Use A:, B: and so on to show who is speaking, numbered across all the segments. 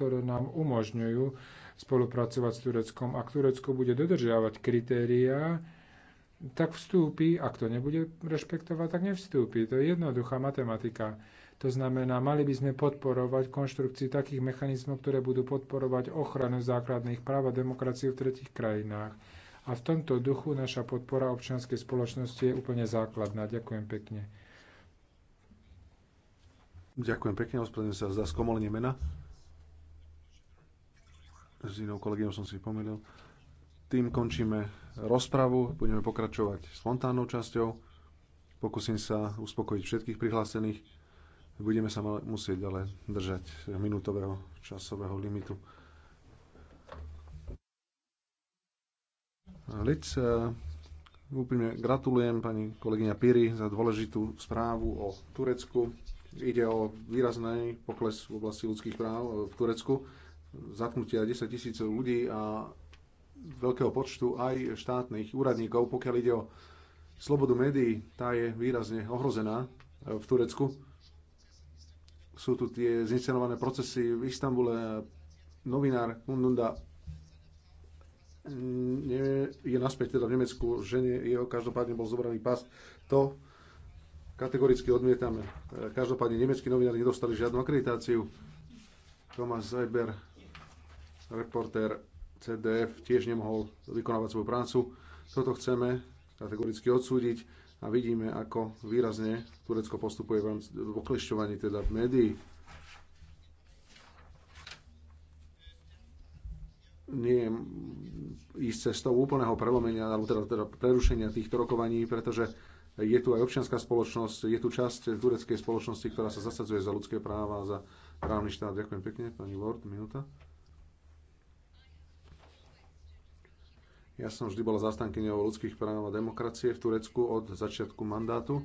A: ktoré nám umožňujú spolupracovať s Tureckom. Ak Turecko bude dodržiavať kritériá, tak vstúpi, ak to nebude rešpektovať, tak nevstúpi. To je jednoduchá matematika. To znamená, mali by sme podporovať konštrukciu takých mechanizmov, ktoré budú podporovať ochranu základných práv a demokracie v tretich krajinách. A v tomto duchu naša podpora občianskej spoločnosti je úplne základná. Ďakujem pekne.
B: Ďakujem pekne, ospravedlňujem sa za skomolenie mena. S inou kolegyňou som si pomýlil. Tým končíme rozpravu. Budeme pokračovať spontánnou časťou. Pokúsim sa uspokojiť všetkých prihlásených. Budeme sa musieť ale držať minútového časového limitu. Lec, e, úprimne gratulujem pani kolegyňa Piri za dôležitú správu o Turecku. Ide o výrazný pokles v oblasti ľudských práv v Turecku zatknutia 10 tisíc ľudí a veľkého počtu aj štátnych úradníkov. Pokiaľ ide o slobodu médií, tá je výrazne ohrozená e, v Turecku. Sú tu tie zincenované procesy v Istambule. Novinár Kundunda je naspäť teda v Nemecku, nie, jeho každopádne bol zobraný pas. To kategoricky odmietame. E, každopádne nemeckí novinári nedostali žiadnu akreditáciu. Thomas Eber reportér CDF tiež nemohol vykonávať svoju prácu. Toto chceme kategoricky odsúdiť a vidíme, ako výrazne Turecko postupuje v oklešťovaní teda v médií. nie ísť cestou úplného prelomenia alebo teda, teda prerušenia týchto rokovaní, pretože je tu aj občianská spoločnosť, je tu časť tureckej spoločnosti, ktorá sa zasadzuje za ľudské práva a za právny štát. Ďakujem pekne, pani Ward, minúta. Ja som vždy bola zastankyňou ľudských práv a demokracie v Turecku od začiatku mandátu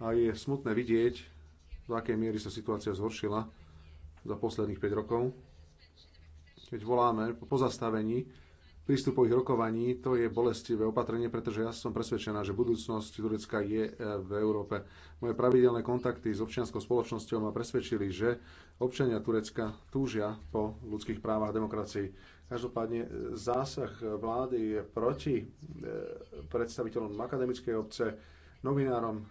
B: a je smutné vidieť, do akej miery sa situácia zhoršila za posledných 5 rokov. Keď voláme po pozastavení prístupových rokovaní, to je bolestivé opatrenie, pretože ja som presvedčená, že budúcnosť Turecka je e, v Európe. Moje pravidelné kontakty s občianskou spoločnosťou ma presvedčili, že občania Turecka túžia po ľudských právach a demokracii Každopádne e, zásah vlády je proti e, predstaviteľom akademickej obce, novinárom, e,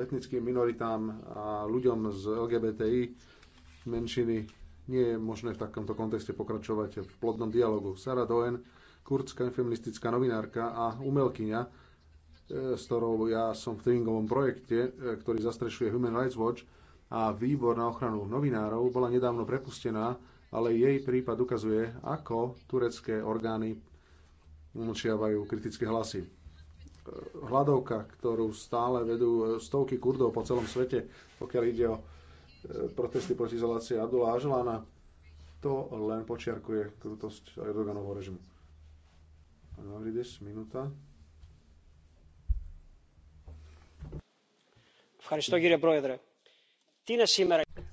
B: etnickým minoritám a ľuďom z LGBTI menšiny nie je možné v takomto kontexte pokračovať v plodnom dialogu. Sara Doen, kurdská feministická novinárka a umelkyňa, s ktorou ja som v tringovom projekte, ktorý zastrešuje Human Rights Watch a výbor na ochranu novinárov, bola nedávno prepustená ale jej prípad ukazuje, ako turecké orgány umlčiavajú kritické hlasy. Hladovka, ktorú stále vedú stovky kurdov po celom svete, pokiaľ ide o e, protesty proti izolácii Abdullah Ažlána, to len počiarkuje krutosť Erdoganovho režimu. Pán minúta.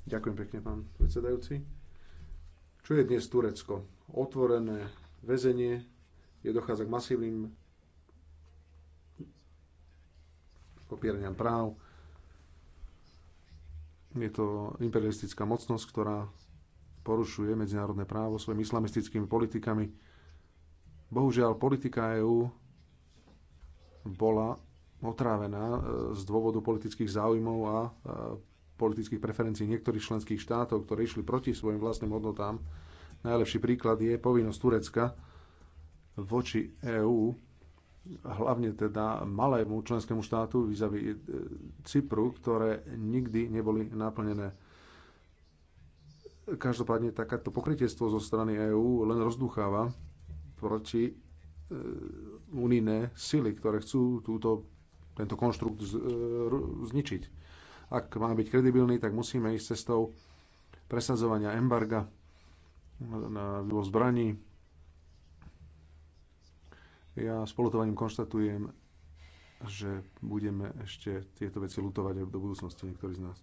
B: Ďakujem pekne, pán predsedajúci čo je dnes Turecko? Otvorené väzenie, je dochádza k masívnym popieraniam práv. Je to imperialistická mocnosť, ktorá porušuje medzinárodné právo svojimi islamistickými politikami. Bohužiaľ, politika EÚ bola otrávená e, z dôvodu politických záujmov a e, politických preferencií niektorých členských štátov, ktoré išli proti svojim vlastným hodnotám. Najlepší príklad je povinnosť Turecka voči EÚ, hlavne teda malému členskému štátu vizavi e, Cypru, ktoré nikdy neboli naplnené. Každopádne takáto pokrytiectvo zo strany EÚ len rozducháva proti e, unijné sily, ktoré chcú túto, tento konštrukt e, zničiť. Ak máme byť kredibilný, tak musíme ísť cestou presadzovania embarga na vývoz zbraní. Ja s polutovaním konštatujem, že budeme ešte tieto veci lutovať do budúcnosti niektorí z nás.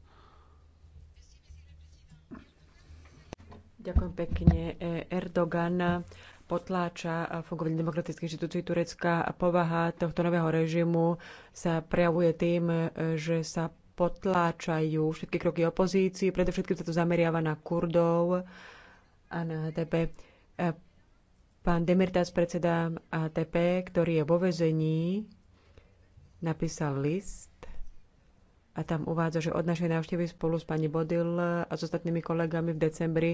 C: Ďakujem pekne. Erdogan potláča fungovanie demokratických inštitúcií Turecka a povaha tohto nového režimu sa prejavuje tým, že sa potláčajú všetky kroky opozície. Predovšetkým sa to zameriava na Kurdov a na ATP. E, pán Demirtas, predseda ATP, ktorý je vo vezení, napísal list a tam uvádza, že od našej návštevy spolu s pani Bodil a s ostatnými kolegami v decembri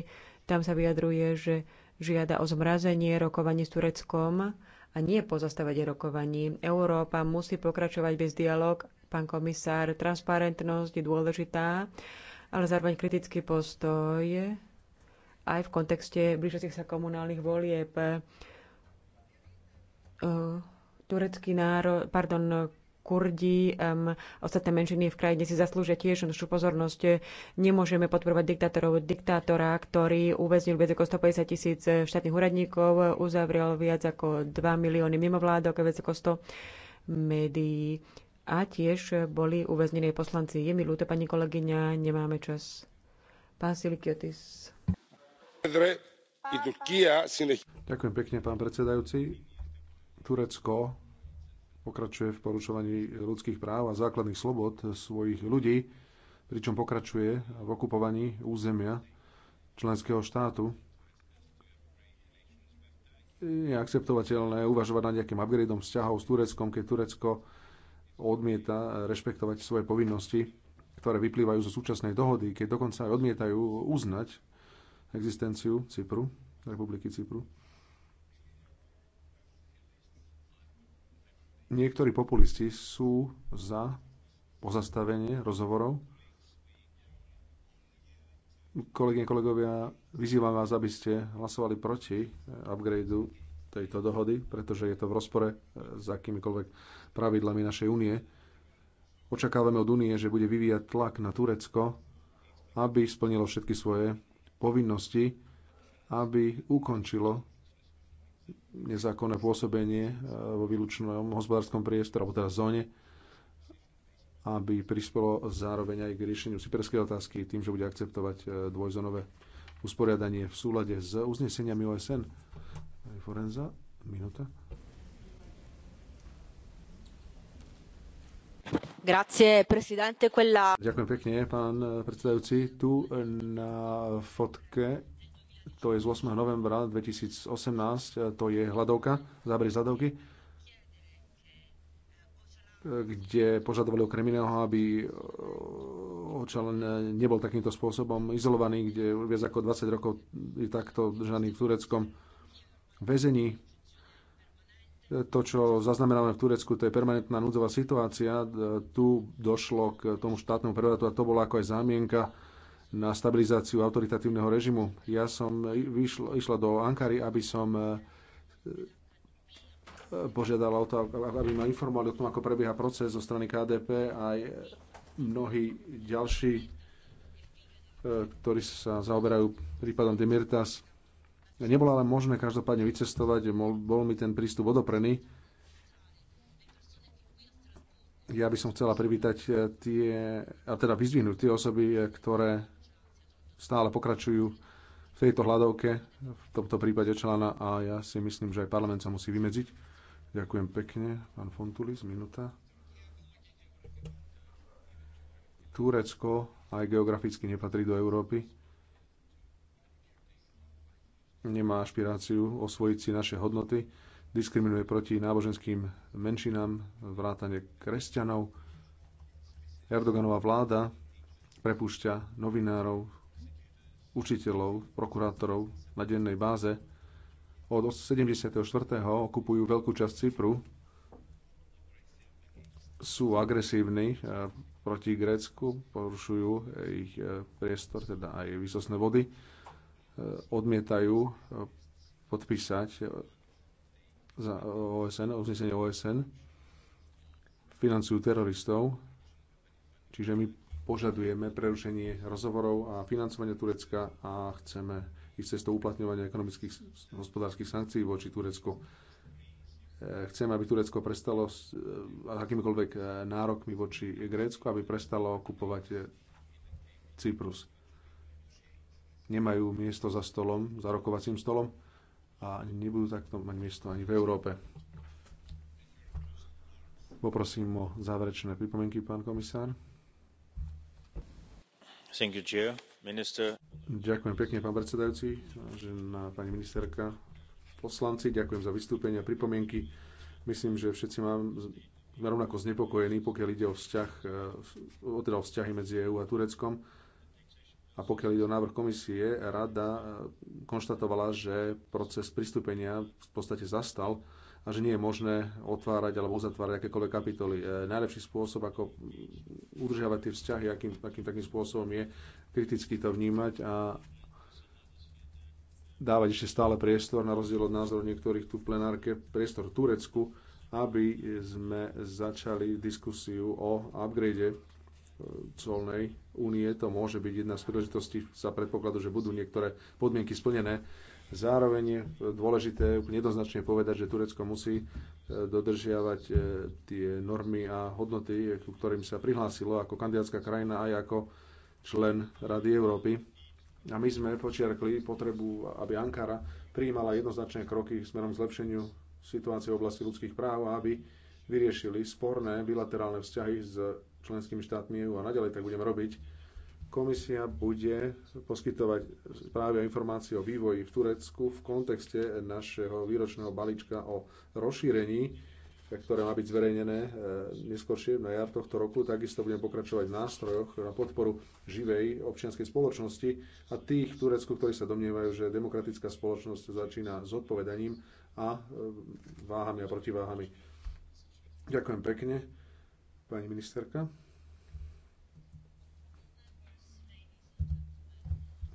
C: tam sa vyjadruje, že žiada o zmrazenie rokovaní s Tureckom a nie pozastavenie rokovaní. Európa musí pokračovať bez dialog pán komisár. Transparentnosť je dôležitá, ale zároveň kritický postoj aj v kontexte blížiacich sa komunálnych volieb. Turecký národ, pardon, Kurdi, um, ostatné menšiny v krajine si zaslúžia tiež našu pozornosť. Nemôžeme podporovať diktátorov, diktátora, ktorý uväznil viac ako 150 tisíc štátnych úradníkov, uzavrel viac ako 2 milióny mimovládok a viac ako 100 médií a tiež boli uväznení poslanci. Je mi ľúto, pani kolegyňa, nemáme čas. Pán Silikiotis.
B: Ďakujem pekne, pán predsedajúci. Turecko pokračuje v porušovaní ľudských práv a základných slobod svojich ľudí, pričom pokračuje v okupovaní územia členského štátu. Je akceptovateľné uvažovať nad nejakým upgradeom vzťahov s Tureckom, keď Turecko odmieta rešpektovať svoje povinnosti, ktoré vyplývajú zo súčasnej dohody, keď dokonca aj odmietajú uznať existenciu Cypru, Republiky Cypru. Niektorí populisti sú za pozastavenie rozhovorov. Kolegyne, kolegovia, vyzývam vás, aby ste hlasovali proti upgradeu tejto dohody, pretože je to v rozpore s akýmikoľvek pravidlami našej únie. Očakávame od únie, že bude vyvíjať tlak na Turecko, aby splnilo všetky svoje povinnosti, aby ukončilo nezákonné pôsobenie eh, vo výlučnom hospodárskom priestore, alebo teda zóne, aby prispelo zároveň aj k riešeniu cyperskej otázky tým, že bude akceptovať eh, dvojzónové usporiadanie v súlade s uzneseniami OSN. Forenza, minúta.
C: Ďakujem
B: pekne, pán eh, predsedajúci. Tu eh, na fotke, to je z 8. novembra 2018, eh, to je hľadovka, zábery z hľadovky, kde požadovali okrem iného, aby Očalen nebol takýmto spôsobom izolovaný, kde viac ako 20 rokov je takto držaný v tureckom väzení to, čo zaznamenáme v Turecku, to je permanentná núdzová situácia. Tu došlo k tomu štátnemu prevratu a to bola ako aj zámienka na stabilizáciu autoritatívneho režimu. Ja som vyšlo, išla do Ankary, aby som e, požiadala o to, aby ma informovali o tom, ako prebieha proces zo strany KDP a aj mnohí ďalší, e, ktorí sa zaoberajú prípadom Demirtas, Nebolo ale možné každopádne vycestovať, bol mi ten prístup odoprený. Ja by som chcela privítať eh, tie, a teda vyzvihnúť tie osoby, eh, ktoré stále pokračujú v tejto hľadovke, v tomto prípade člana, a ja si myslím, že aj parlament sa musí vymedziť. Ďakujem pekne. Pán Fontulis, minúta. Turecko aj geograficky nepatrí do Európy nemá ašpiráciu osvojiť si naše hodnoty, diskriminuje proti náboženským menšinám, vrátane kresťanov. Erdoganová vláda prepúšťa novinárov, učiteľov, prokurátorov na dennej báze. Od 74. okupujú veľkú časť Cypru, sú agresívni eh, proti Grécku, porušujú ich eh, priestor, teda aj výsostné vody odmietajú eh, podpísať eh, za eh, OSN, uznesenie OSN, financujú teroristov, čiže my požadujeme prerušenie rozhovorov a financovania Turecka a chceme ísť cestou uplatňovania ekonomických hospodárskych sankcií voči Turecku. Chceme, aby Turecko prestalo s akýmikoľvek nárokmi voči Grécku, aby prestalo okupovať Cyprus nemajú miesto za stolom, za rokovacím stolom a nebudú takto mať miesto ani v Európe. Poprosím o záverečné pripomienky, pán komisár.
C: Thank you, Chair. Minister.
B: Ďakujem pekne, pán predsedajúci, vážená pani ministerka, poslanci, ďakujem za vystúpenia, pripomienky. Myslím, že všetci mám, rovnako znepokojení, pokiaľ ide o, vzťah, e, teda vzťahy medzi EÚ a Tureckom a pokiaľ ide o návrh komisie, rada e, konštatovala, že proces pristúpenia v podstate zastal a že nie je možné otvárať alebo uzatvárať akékoľvek kapitoly. E, najlepší spôsob, ako udržiavať tie vzťahy, akým, akým takým spôsobom je kriticky to vnímať a dávať ešte stále priestor, na rozdiel od názorov niektorých tu v plenárke, priestor Turecku, aby sme začali diskusiu o upgrade colnej únie. To môže byť jedna z príležitostí za predpokladu, že budú niektoré podmienky splnené. Zároveň je dôležité úplne jednoznačne povedať, že Turecko musí e, dodržiavať e, tie normy a hodnoty, e, ku ktorým sa prihlásilo ako kandidátska krajina aj ako člen Rady Európy. A my sme počiarkli potrebu, aby Ankara prijímala jednoznačné kroky smerom k zlepšeniu situácie v oblasti ľudských práv a aby vyriešili sporné bilaterálne vzťahy s členskými štátmi EU a naďalej tak budeme robiť, komisia bude poskytovať práve informácie o vývoji v Turecku v kontexte našeho výročného balíčka o rozšírení, ktoré má byť zverejnené e, neskôršie na jar tohto roku. Takisto budem pokračovať v nástrojoch na podporu živej občianskej spoločnosti a tých v Turecku, ktorí sa domnievajú, že demokratická spoločnosť začína s odpovedaním a e, váhami a protiváhami. Ďakujem pekne pani ministerka.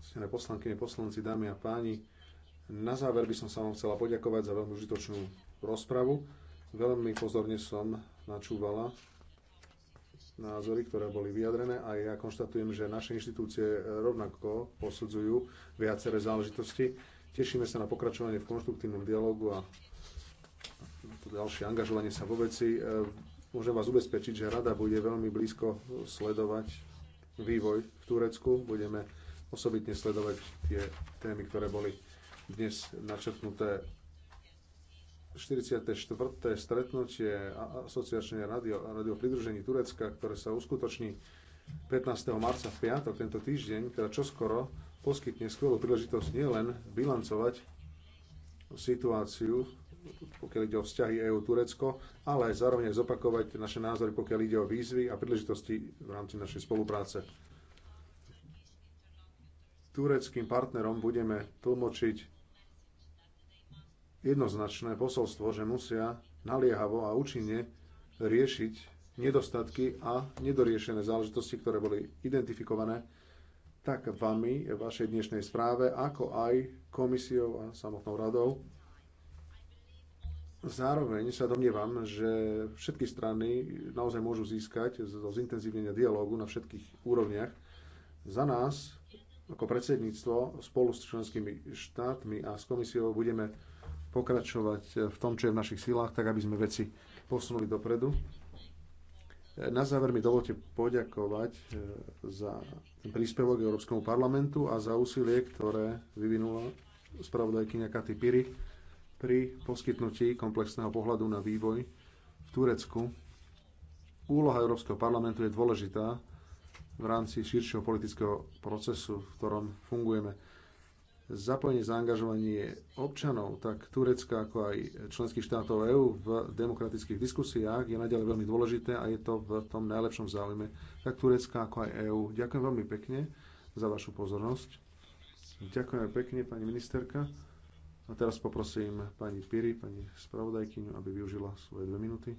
B: Ctené poslankyne, poslanci, dámy a páni, na záver by som sa vám chcela poďakovať za veľmi užitočnú rozpravu. Veľmi pozorne som načúvala názory, ktoré boli vyjadrené a ja konštatujem, že naše inštitúcie rovnako posudzujú viaceré záležitosti. Tešíme sa na pokračovanie v konštruktívnom dialogu a to ďalšie angažovanie sa vo veci. Môžem vás ubezpečiť, že rada bude veľmi blízko sledovať vývoj v Turecku. Budeme osobitne sledovať tie témy, ktoré boli dnes načrtnuté 44. stretnutie asociačnej radio, radio pridružení Turecka, ktoré sa uskutoční 15. marca v piatok tento týždeň, teda čoskoro poskytne skvelú príležitosť nielen bilancovať situáciu pokiaľ ide o vzťahy EU-Turecko, ale aj zároveň aj zopakovať naše názory, pokiaľ ide o výzvy a príležitosti v rámci našej spolupráce. Tureckým partnerom budeme tlmočiť jednoznačné posolstvo, že musia naliehavo a účinne riešiť nedostatky a nedoriešené záležitosti, ktoré boli identifikované tak vami v vašej dnešnej správe, ako aj komisiou a samotnou radou. Zároveň sa domnievam, že všetky strany naozaj môžu získať zo zintenzívnenia dialógu na všetkých úrovniach. Za nás, ako predsedníctvo, spolu s členskými štátmi a s komisiou budeme pokračovať v tom, čo je v našich silách, tak aby sme veci posunuli dopredu. Na záver mi dovolte poďakovať eh, za príspevok Európskemu parlamentu a za úsilie, ktoré vyvinula spravodajkyňa Katy Piri pri poskytnutí komplexného pohľadu na vývoj v Turecku. Úloha Európskeho parlamentu je dôležitá v rámci širšieho politického procesu, v ktorom fungujeme. Zapojenie, zaangažovanie občanov, tak Turecka ako aj členských štátov EÚ v demokratických diskusiách je naďalej veľmi dôležité a je to v tom najlepšom záujme tak Turecka ako aj EÚ. Ďakujem veľmi pekne za vašu pozornosť. Ďakujem pekne, pani ministerka. A teraz poprosím pani Piri, pani spravodajkyňu, aby využila svoje dve minúty.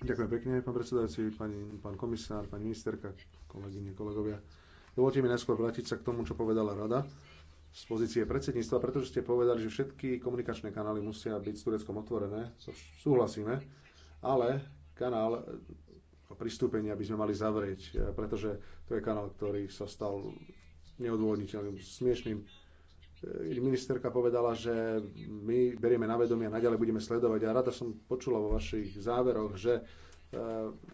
B: Ďakujem pekne, pán predsedajúci, pani, pán komisár, pani ministerka, kolegyne, kolegovia. Dovolte mi najskôr vrátiť sa k tomu, čo povedala rada z pozície predsedníctva, pretože ste povedali, že všetky komunikačné kanály musia byť s Tureckom otvorené, čo súhlasíme, ale kanál pristúpenia by sme mali zavrieť, pretože to je kanál, ktorý sa stal neodôvodniteľným, smiešným ministerka povedala, že my berieme na vedomie a naďalej budeme sledovať. A rada som počula vo vašich záveroch, že e,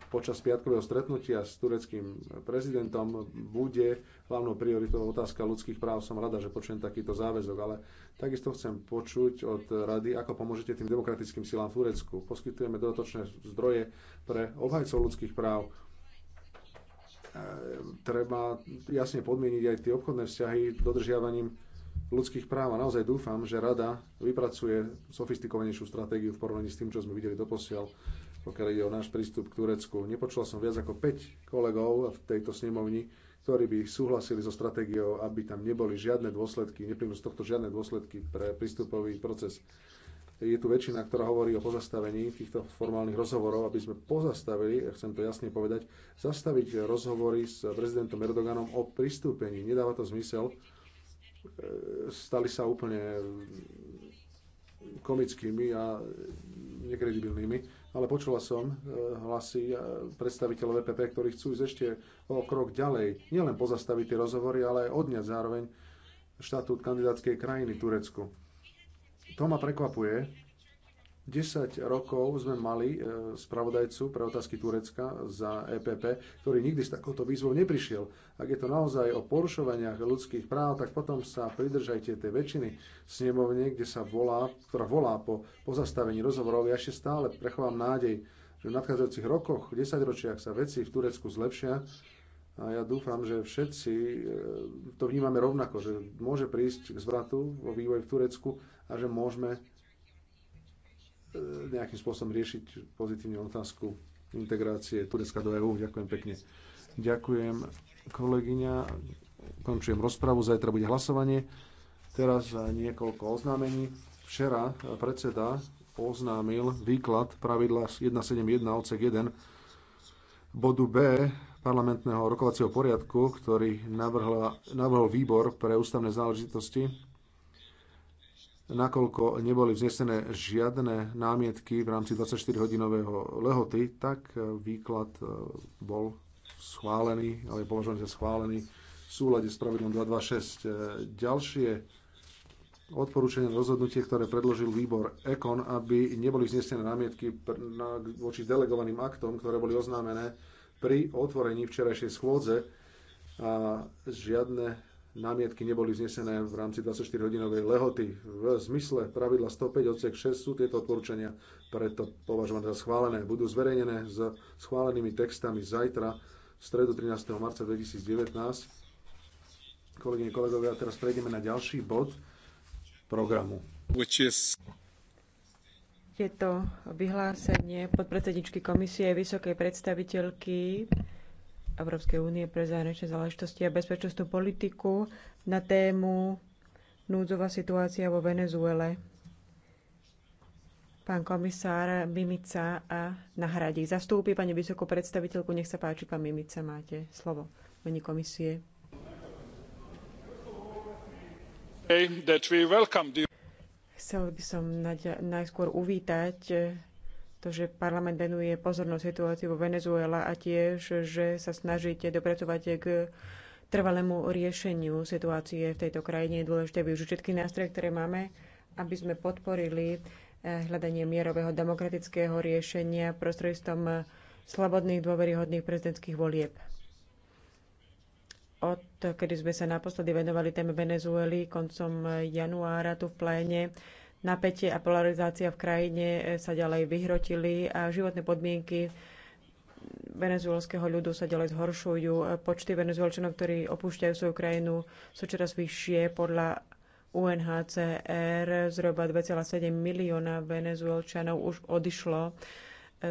B: počas piatkového stretnutia s tureckým prezidentom bude hlavnou prioritou otázka ľudských práv. Som rada, že počujem takýto záväzok, ale takisto chcem počuť od rady, ako pomôžete tým demokratickým silám v Turecku. Poskytujeme dodatočné zdroje pre obhajcov ľudských práv, e, treba jasne podmieniť aj tie obchodné vzťahy dodržiavaním ľudských práv a naozaj dúfam, že rada vypracuje sofistikovanejšiu stratégiu v porovnaní s tým, čo sme videli doposiaľ, pokiaľ ide o náš prístup k Turecku. Nepočula som viac ako 5 kolegov v tejto snemovni, ktorí by súhlasili so stratégiou, aby tam neboli žiadne dôsledky, neplynú z tohto žiadne dôsledky pre prístupový proces. Je tu väčšina, ktorá hovorí o pozastavení týchto formálnych rozhovorov, aby sme pozastavili, ja chcem to jasne povedať, zastaviť rozhovory s prezidentom Erdoganom o pristúpení. Nedáva to zmysel, E, stali sa úplne komickými a nekredibilnými, ale počula som e, hlasy e, predstaviteľov EPP, ktorí chcú ísť ešte o krok ďalej. Nielen pozastaviť tie rozhovory, ale aj odňať zároveň štatút kandidátskej krajiny Turecku. To ma prekvapuje, 10 rokov sme mali e, spravodajcu pre otázky Turecka za EPP, ktorý nikdy s takouto výzvou neprišiel. Ak je to naozaj o porušovaniach ľudských práv, tak potom sa pridržajte tej väčšiny snemovne, kde sa volá, ktorá volá po pozastavení rozhovorov. Ja ešte stále prechovám nádej, že v nadchádzajúcich rokoch, 10 ročiach sa veci v Turecku zlepšia a ja dúfam, že všetci e, to vnímame rovnako, že môže prísť k zvratu vo vývoji v Turecku a že môžeme E, nejakým spôsobom riešiť pozitívne otázku integrácie Turecka do EÚ. Ďakujem pekne. Ďakujem, kolegyňa. Končujem rozpravu, zajtra bude hlasovanie. Teraz niekoľko oznámení. Včera predseda oznámil výklad pravidla 171 odsek 1 bodu B parlamentného rokovacieho poriadku, ktorý navrhol výbor pre ústavné záležitosti nakoľko neboli vznesené žiadne námietky v rámci 24-hodinového lehoty, tak e, výklad e, bol schválený, ale je považovaný za schválený v súlade s pravidlom 226. E, ďalšie na rozhodnutie, ktoré predložil výbor EKON, aby neboli vznesené námietky voči delegovaným aktom, ktoré boli oznámené pri otvorení včerajšej schôdze a žiadne námietky neboli vznesené v rámci 24-hodinovej lehoty. V zmysle pravidla 105 odsek 6 sú tieto odporúčania preto považované za schválené. Budú zverejnené s schválenými textami zajtra, v stredu 13. marca 2019. Kolegyne, kolegovia, teraz prejdeme na ďalší bod programu.
C: Je to vyhlásenie podpredsedničky komisie vysokej predstaviteľky Európskej únie pre zahraničné záležitosti a bezpečnostnú politiku na tému núdzová situácia vo Venezuele. Pán komisár Mimica a nahradí. Zastúpi pani vysokú predstaviteľku. Nech sa páči, pán Mimica, máte slovo. Meni komisie. Chcel by som najskôr uvítať to, že parlament venuje pozornosť situácii vo Venezuela a tiež, že sa snažíte dopracovať k trvalému riešeniu situácie v tejto krajine. Je dôležité využiť všetky nástroje, ktoré máme, aby sme podporili eh, hľadanie mierového demokratického riešenia prostredstvom eh, slobodných, dôveryhodných prezidentských volieb. Od kedy sme sa naposledy venovali téme Venezuely koncom eh, januára tu v pléne, Napätie a polarizácia v krajine e, sa ďalej vyhrotili a životné podmienky venezuelského ľudu sa ďalej zhoršujú. E, Počty venezuelčanov, ktorí opúšťajú svoju krajinu, sú čoraz vyššie. Podľa UNHCR zhruba 2,7 milióna venezuelčanov už odišlo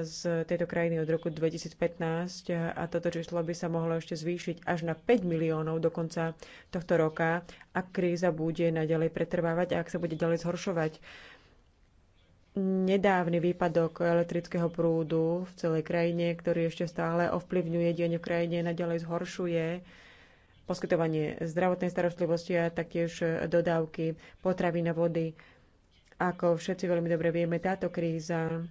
C: z tejto krajiny od roku 2015 a toto číslo by sa mohlo ešte zvýšiť až na 5 miliónov do konca tohto roka, ak kríza bude naďalej pretrvávať a ak sa bude ďalej zhoršovať. Nedávny výpadok elektrického prúdu v celej krajine, ktorý ešte stále ovplyvňuje dianie v krajine, naďalej zhoršuje poskytovanie zdravotnej starostlivosti a taktiež dodávky potravy na vody. Ako všetci veľmi dobre vieme, táto kríza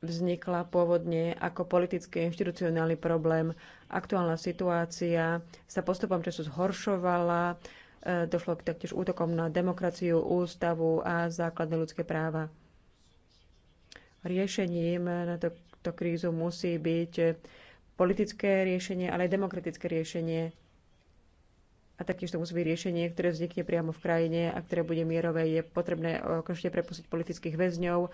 C: vznikla pôvodne ako politický inštitucionálny problém. Aktuálna situácia sa postupom času zhoršovala, e, došlo k taktiež útokom na demokraciu, ústavu a základné ľudské práva. Riešením na túto krízu musí byť politické riešenie, ale aj demokratické riešenie a taktiež to musí byť riešenie, ktoré vznikne priamo v krajine a ktoré bude mierové. Je potrebné okamžite prepustiť politických väzňov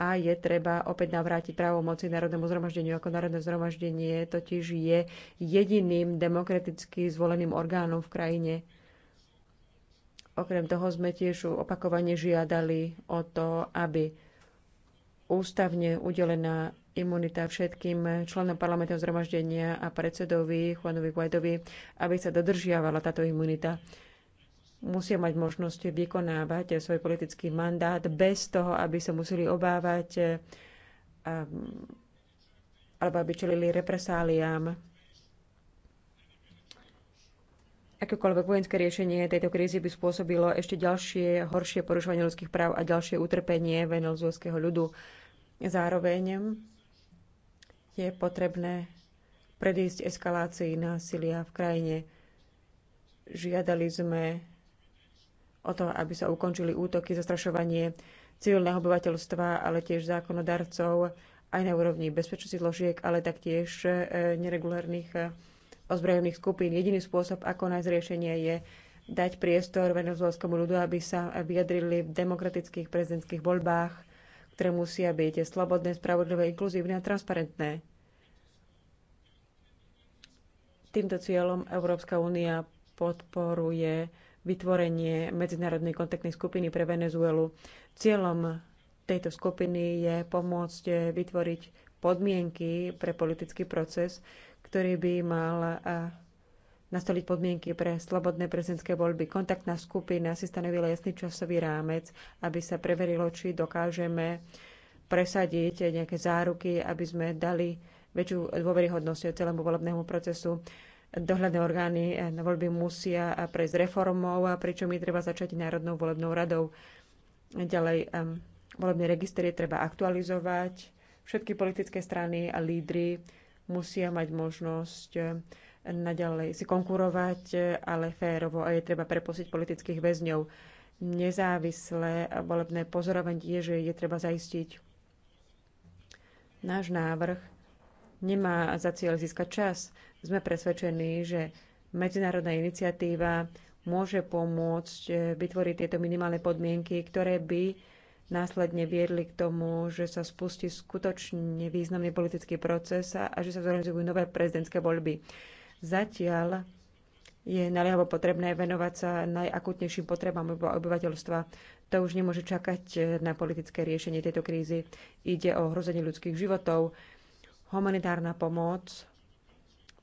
C: a je treba opäť navrátiť právo moci Národnému zhromaždeniu. Ako Národné zhromaždenie totiž je jediným demokraticky zvoleným orgánom v krajine. Okrem toho sme tiež opakovane žiadali o to, aby ústavne udelená imunita všetkým členom parlamentného zhromaždenia a predsedovi Juanovi Guaidovi, aby sa dodržiavala táto imunita. Musia mať možnosť vykonávať svoj politický mandát bez toho, aby sa museli obávať ehm, alebo aby čelili represáliám. Akékoľvek vojenské riešenie tejto krízy by spôsobilo ešte ďalšie horšie porušovanie ľudských práv a ďalšie utrpenie venezuelského ľudu. Zároveň je potrebné predísť eskalácii násilia v krajine. Žiadali sme o to, aby sa ukončili útoky, zastrašovanie civilného obyvateľstva, ale tiež zákonodarcov aj na úrovni bezpečnosti zložiek, ale taktiež e, neregulárnych e, ozbrojených skupín. Jediný spôsob, ako nájsť riešenie, je dať priestor venezuelskému ľudu, aby sa vyjadrili v demokratických prezidentských voľbách ktoré musia byť slobodné, spravodlivé, inkluzívne a transparentné. Týmto cieľom Európska únia podporuje vytvorenie medzinárodnej kontaktnej skupiny pre Venezuelu. Cieľom tejto skupiny je pomôcť vytvoriť podmienky pre politický proces, ktorý by mal nastoliť podmienky pre slobodné prezidentské voľby. Kontaktná skupina si stanovila jasný časový rámec, aby sa preverilo, či dokážeme presadiť nejaké záruky, aby sme dali väčšiu dôveryhodnosť celému volebnému procesu. Dohľadné orgány na voľby musia prejsť reformou, pričom je treba začať Národnou volebnou radou. Ďalej, volebné registrie treba aktualizovať. Všetky politické strany a lídry musia mať možnosť naďalej si konkurovať, e, ale férovo a je treba prepustiť politických väzňov. Nezávislé volebné pozorovanie je, že je treba zaistiť. Náš návrh nemá za cieľ získať čas. Sme presvedčení, že medzinárodná iniciatíva môže pomôcť e, vytvoriť tieto minimálne podmienky, ktoré by následne viedli k tomu, že sa spustí skutočne významný politický proces a, a že sa zorganizujú nové prezidentské voľby. Zatiaľ je naliehavo potrebné venovať sa najakutnejším potrebám obyvateľstva. To už nemôže čakať eh, na politické riešenie tejto krízy. Ide o hrozenie ľudských životov. Humanitárna pomoc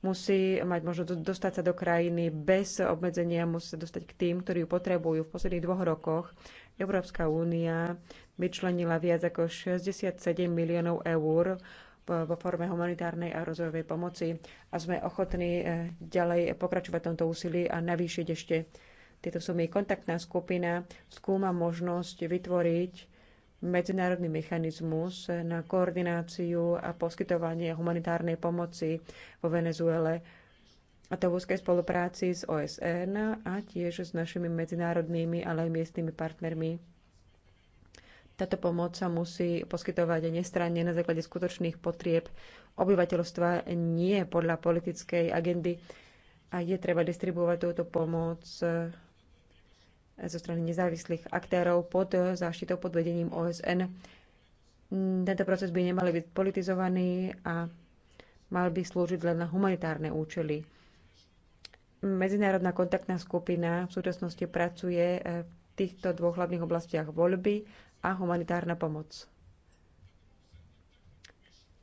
C: musí mať možnosť dostať sa do krajiny bez obmedzenia, musí sa dostať k tým, ktorí ju potrebujú. V posledných dvoch rokoch Európska únia vyčlenila viac ako 67 miliónov eur vo forme humanitárnej a rozvojovej pomoci a sme ochotní eh, ďalej pokračovať v tomto úsilí a navýšiť ešte tieto sumy. Kontaktná skupina skúma možnosť vytvoriť medzinárodný mechanizmus eh, na koordináciu a poskytovanie humanitárnej pomoci vo Venezuele a to v úzkej spolupráci s OSN a tiež s našimi medzinárodnými, ale aj miestnymi partnermi táto pomoc sa musí poskytovať nestranne na základe skutočných potrieb obyvateľstva, nie podľa politickej agendy. A je treba distribuovať túto pomoc eh, zo strany nezávislých aktérov pod záštitou pod vedením OSN. Tento proces by nemal byť politizovaný a mal by slúžiť len na humanitárne účely. Medzinárodná kontaktná skupina v súčasnosti pracuje eh, v týchto dvoch hlavných oblastiach voľby a humanitárna pomoc.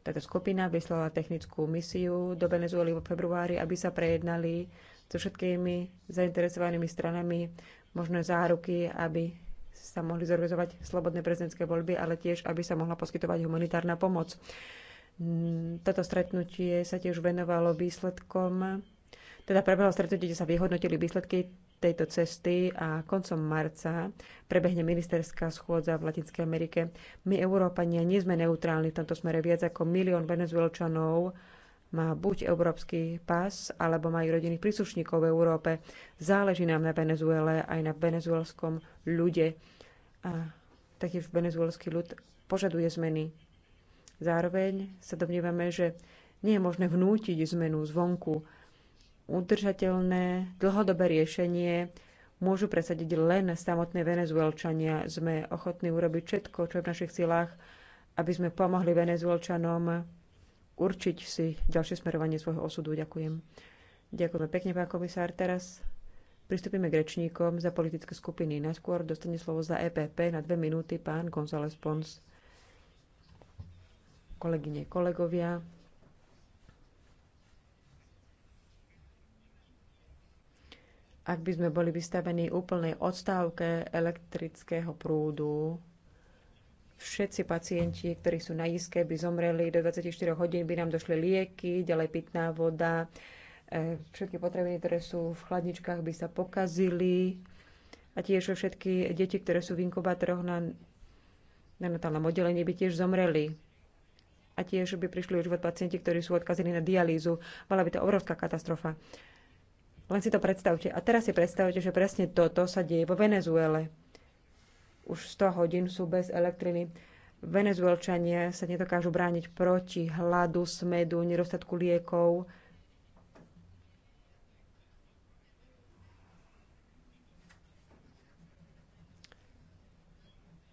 C: Táto skupina vyslala technickú misiu do Venezuely vo februári, aby sa prejednali so všetkými zainteresovanými stranami možné záruky, aby sa mohli zorganizovať slobodné prezidentské voľby, ale tiež, aby sa mohla poskytovať humanitárna pomoc. Toto stretnutie sa tiež venovalo výsledkom, teda prebehlo stretnutie, kde sa vyhodnotili výsledky tejto cesty a koncom marca prebehne ministerská schôdza v Latinskej Amerike. My, Európania, nie sme neutrálni v tomto smere. Viac ako milión venezuelčanov má buď európsky pás, alebo majú rodinných príslušníkov v Európe. Záleží nám na Venezuele, aj na venezuelskom ľude. A taktiež venezuelský ľud požaduje zmeny. Zároveň sa domnievame, že nie je možné vnútiť zmenu zvonku udržateľné dlhodobé riešenie môžu presadiť len samotné Venezuelčania. Sme ochotní urobiť všetko, čo je v našich silách, aby sme pomohli Venezuelčanom určiť si ďalšie smerovanie svojho osudu. Ďakujem. Ďakujeme pekne, pán komisár. Teraz pristúpime k rečníkom za politické skupiny. Najskôr dostane slovo za EPP na dve minúty pán González Pons. Kolegyne, kolegovia, ak by sme boli vystavení úplnej odstávke elektrického prúdu, všetci pacienti, ktorí sú na iske, by zomreli, do 24 hodín by nám došli lieky, ďalej pitná voda, e, všetky potraviny, ktoré sú v chladničkách, by sa pokazili a tiež všetky deti, ktoré sú v inkubátoroch na nenatálnom oddelení, by tiež zomreli a tiež by prišli o život pacienti, ktorí sú odkazení na dialýzu. Bola by to obrovská katastrofa. Len si to predstavte. A teraz si predstavte, že presne toto sa deje vo Venezuele. Už 100 hodín sú bez elektriny. Venezuelčania sa nedokážu brániť proti hladu, smedu, nedostatku liekov.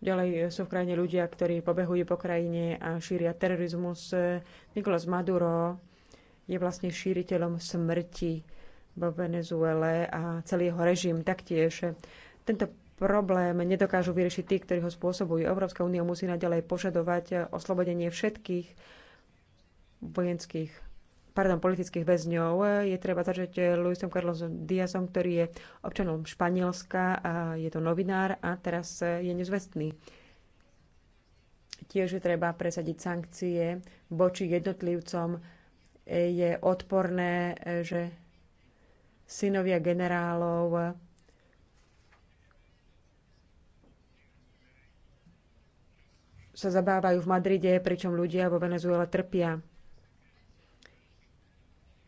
C: Ďalej sú v krajine ľudia, ktorí pobehujú po krajine a šíria terorizmus. Nikolás Maduro je vlastne šíriteľom smrti vo Venezuele a celý jeho režim taktiež. Tento problém nedokážu vyriešiť tí, ktorí ho spôsobujú. Európska únia musí naďalej požadovať oslobodenie všetkých vojenských pardon, politických väzňov. Je treba začať Luisom Carlosom Diazom, ktorý je občanom Španielska a je to novinár a teraz je nezvestný. Tiež je treba presadiť sankcie voči jednotlivcom. Je odporné, že synovia generálov. sa zabávajú v Madride, pričom ľudia vo Venezuele trpia.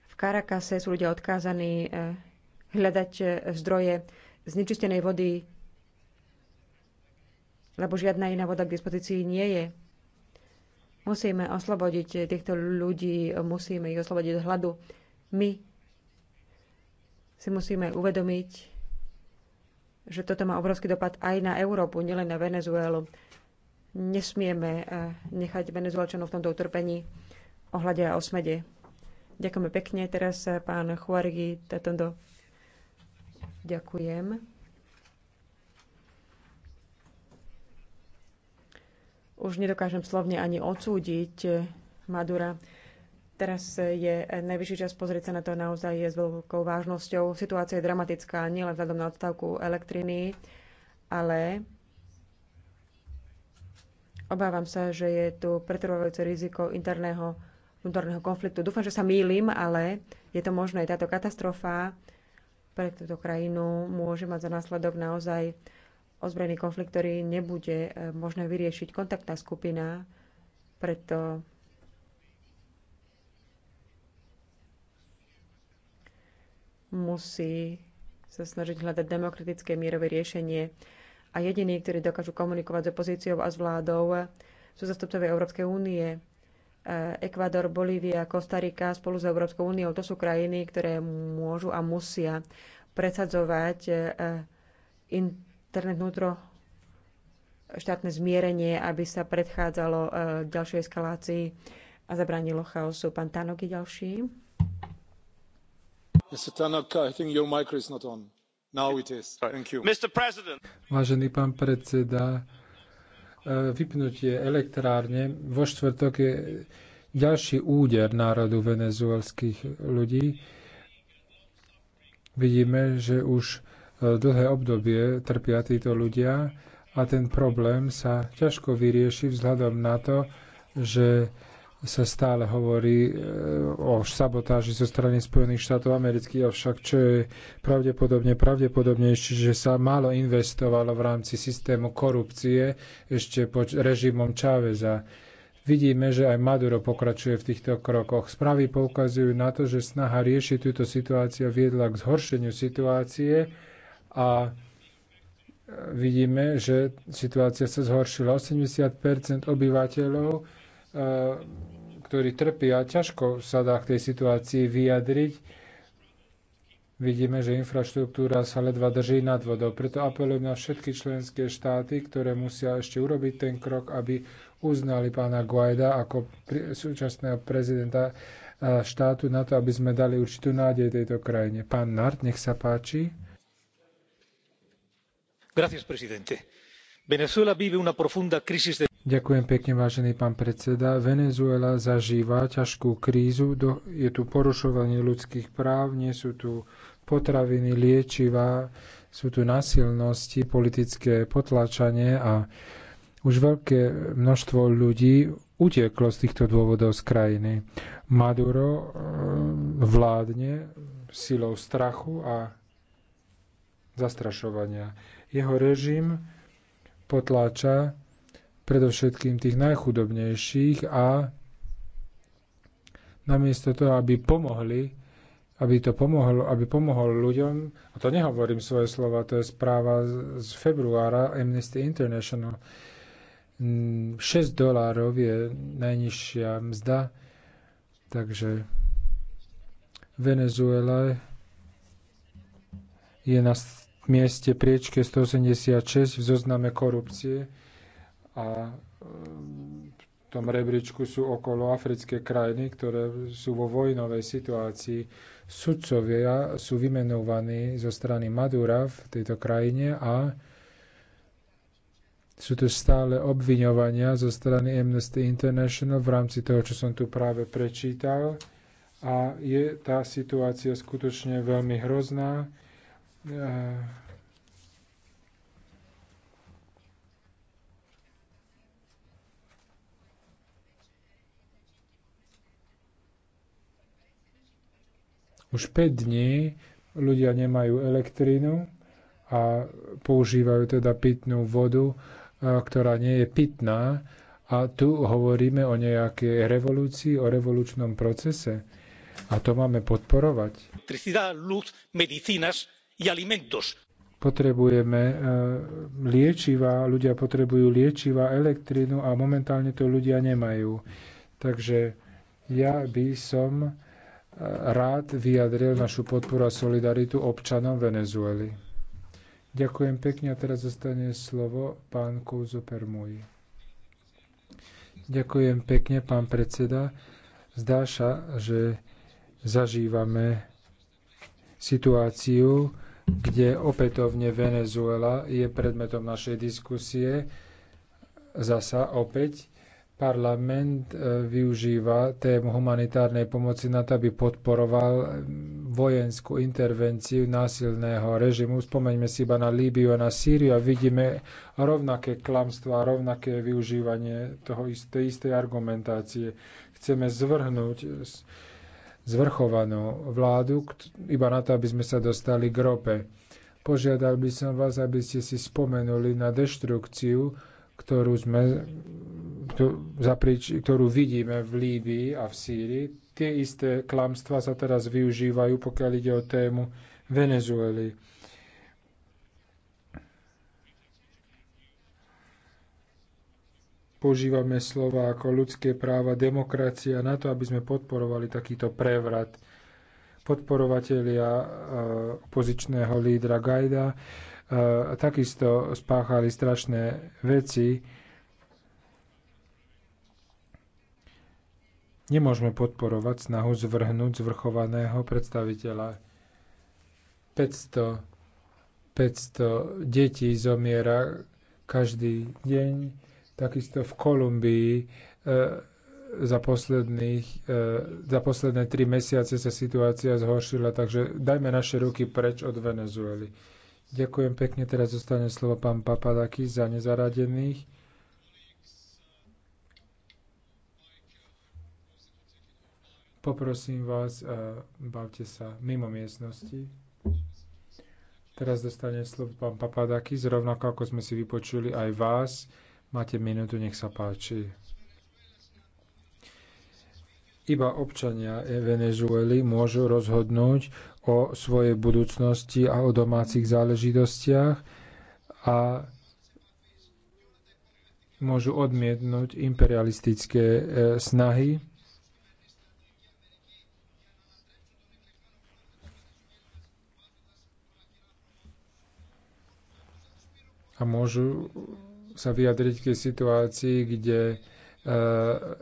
C: V Karakase sú ľudia odkázaní eh, hľadať eh, zdroje znečistenej vody, lebo žiadna iná voda k dispozícii nie je. Musíme oslobodiť eh, týchto ľudí, musíme ich oslobodiť od hladu. My si musíme uvedomiť, že toto má obrovský dopad aj na Európu, nielen na Venezuelu. Nesmieme eh, nechať venezuelčanov v tomto utrpení ohľade a osmede. Ďakujeme pekne. Teraz eh, pán Chuarigi Tatondo. Ďakujem. Už nedokážem slovne ani odsúdiť eh, Madura. Teraz je najvyšší čas pozrieť sa na to naozaj je s veľkou vážnosťou. Situácia je dramatická nielen vzhľadom na odstavku elektriny, ale obávam sa, že je tu pretrvávajúce riziko interného vnútorného konfliktu. Dúfam, že sa mýlim, ale je to možné. Táto katastrofa pre túto krajinu môže mať za následok naozaj ozbrojený konflikt, ktorý nebude eh, možné vyriešiť. Kontaktná skupina preto musí sa snažiť hľadať demokratické mierové riešenie. A jediní, ktorí dokážu komunikovať s opozíciou a s vládou, sú zastupcovia Európskej únie. E, Ekvador, Bolívia, Kostarika spolu s Európskou úniou, to sú krajiny, ktoré môžu a musia presadzovať e, internet vnútro štátne zmierenie, aby sa predchádzalo e, ďalšej eskalácii a zabránilo chaosu. Pán Tanok je ďalší.
A: Vážený pán predseda, eh, vypnutie elektrárne vo štvrtok je ďalší úder národu venezuelských ľudí. Vidíme, že už eh, dlhé obdobie trpia títo ľudia a ten problém sa ťažko vyrieši vzhľadom na to, že sa stále hovorí e, o sabotáži zo strany Spojených štátov amerických, avšak čo je pravdepodobne pravdepodobnejšie, že sa málo investovalo v rámci systému korupcie ešte pod režimom Čáveza. Vidíme, že aj Maduro pokračuje v týchto krokoch. Správy poukazujú na to, že snaha riešiť túto situáciu viedla k zhoršeniu situácie a vidíme, že situácia sa zhoršila. 80 obyvateľov E, ktorí trpia, ťažko sa dá k tej situácii vyjadriť. Vidíme, že infraštruktúra sa ledva drží nad vodou. Preto apelujem na všetky členské štáty, ktoré musia ešte urobiť ten krok, aby uznali pána Guaida ako súčasného prezidenta e, štátu na to, aby sme dali určitú nádej tejto krajine. Pán Nart, nech sa páči. Gracias, presidente. Venezuela vive una profunda crisis de Ďakujem pekne, vážený pán predseda. Venezuela zažíva ťažkú krízu, je tu porušovanie ľudských práv, nie sú tu potraviny, liečivá, sú tu násilnosti, politické potlačanie a už veľké množstvo ľudí utieklo z týchto dôvodov z krajiny. Maduro eh, vládne silou strachu a zastrašovania. Jeho režim potláča predovšetkým tých najchudobnejších a namiesto toho, aby pomohli, aby to pomohlo, aby pomohol ľuďom, a to nehovorím svoje slova, to je správa z februára Amnesty International, 6 dolárov je najnižšia mzda, takže Venezuela je na mieste priečke 186 v zozname korupcie a ehm, v tom rebríčku sú okolo africké krajiny, ktoré sú vo vojnovej situácii. Sudcovia sú vymenovaní zo strany Madura v tejto krajine a sú tu stále obviňovania zo strany Amnesty International v rámci toho, čo som tu práve prečítal. A je tá situácia skutočne veľmi hrozná. Ehm, Už 5 dní ľudia nemajú elektrínu a používajú teda pitnú vodu, e, ktorá nie je pitná. A tu hovoríme o nejakej revolúcii, o revolučnom procese. A to máme podporovať.
C: alimentos.
A: Potrebujeme e, liečiva, ľudia potrebujú liečiva, elektrínu a momentálne to ľudia nemajú. Takže ja by som rád vyjadril našu podporu a solidaritu občanom Venezuely. Ďakujem pekne a teraz zostane slovo pán Kouzo Permuji. Ďakujem pekne, pán predseda. Zdá sa, že zažívame situáciu, kde opätovne Venezuela je predmetom našej diskusie. Zasa opäť Parlament e, využíva tému humanitárnej pomoci na to, aby podporoval e, vojenskú intervenciu násilného režimu. Spomeňme si iba na Líbiu a na Sýriu a vidíme rovnaké klamstvá, rovnaké využívanie toho istej, istej argumentácie. Chceme zvrhnúť zvrchovanú vládu iba na to, aby sme sa dostali k rope. Požiadal by som vás, aby ste si spomenuli na deštrukciu ktorú, sme, ktorú vidíme v Líbii a v Sýrii. Tie isté klamstva sa teraz využívajú, pokiaľ ide o tému Venezuely. Používame slova ako ľudské práva, demokracia na to, aby sme podporovali takýto prevrat podporovatelia eh, opozičného lídra Gajda takisto spáchali strašné veci. Nemôžeme podporovať snahu zvrhnúť zvrchovaného predstaviteľa. 500, 500 detí zomiera každý deň. Takisto v Kolumbii e, za, posledných, e, za posledné tri mesiace sa situácia zhoršila, takže dajme naše ruky preč od Venezuely. Ďakujem pekne. Teraz zostane slovo pán Papadakis za nezaradených. Poprosím vás, eh, bavte sa mimo miestnosti. Teraz dostane slovo pán Papadakis, rovnako ako sme si vypočuli aj vás. Máte minútu, nech sa páči. Iba občania Venezuely môžu rozhodnúť o svojej budúcnosti a o domácich záležitostiach a môžu odmietnúť imperialistické e, snahy a môžu sa vyjadriť k situácii, kde e,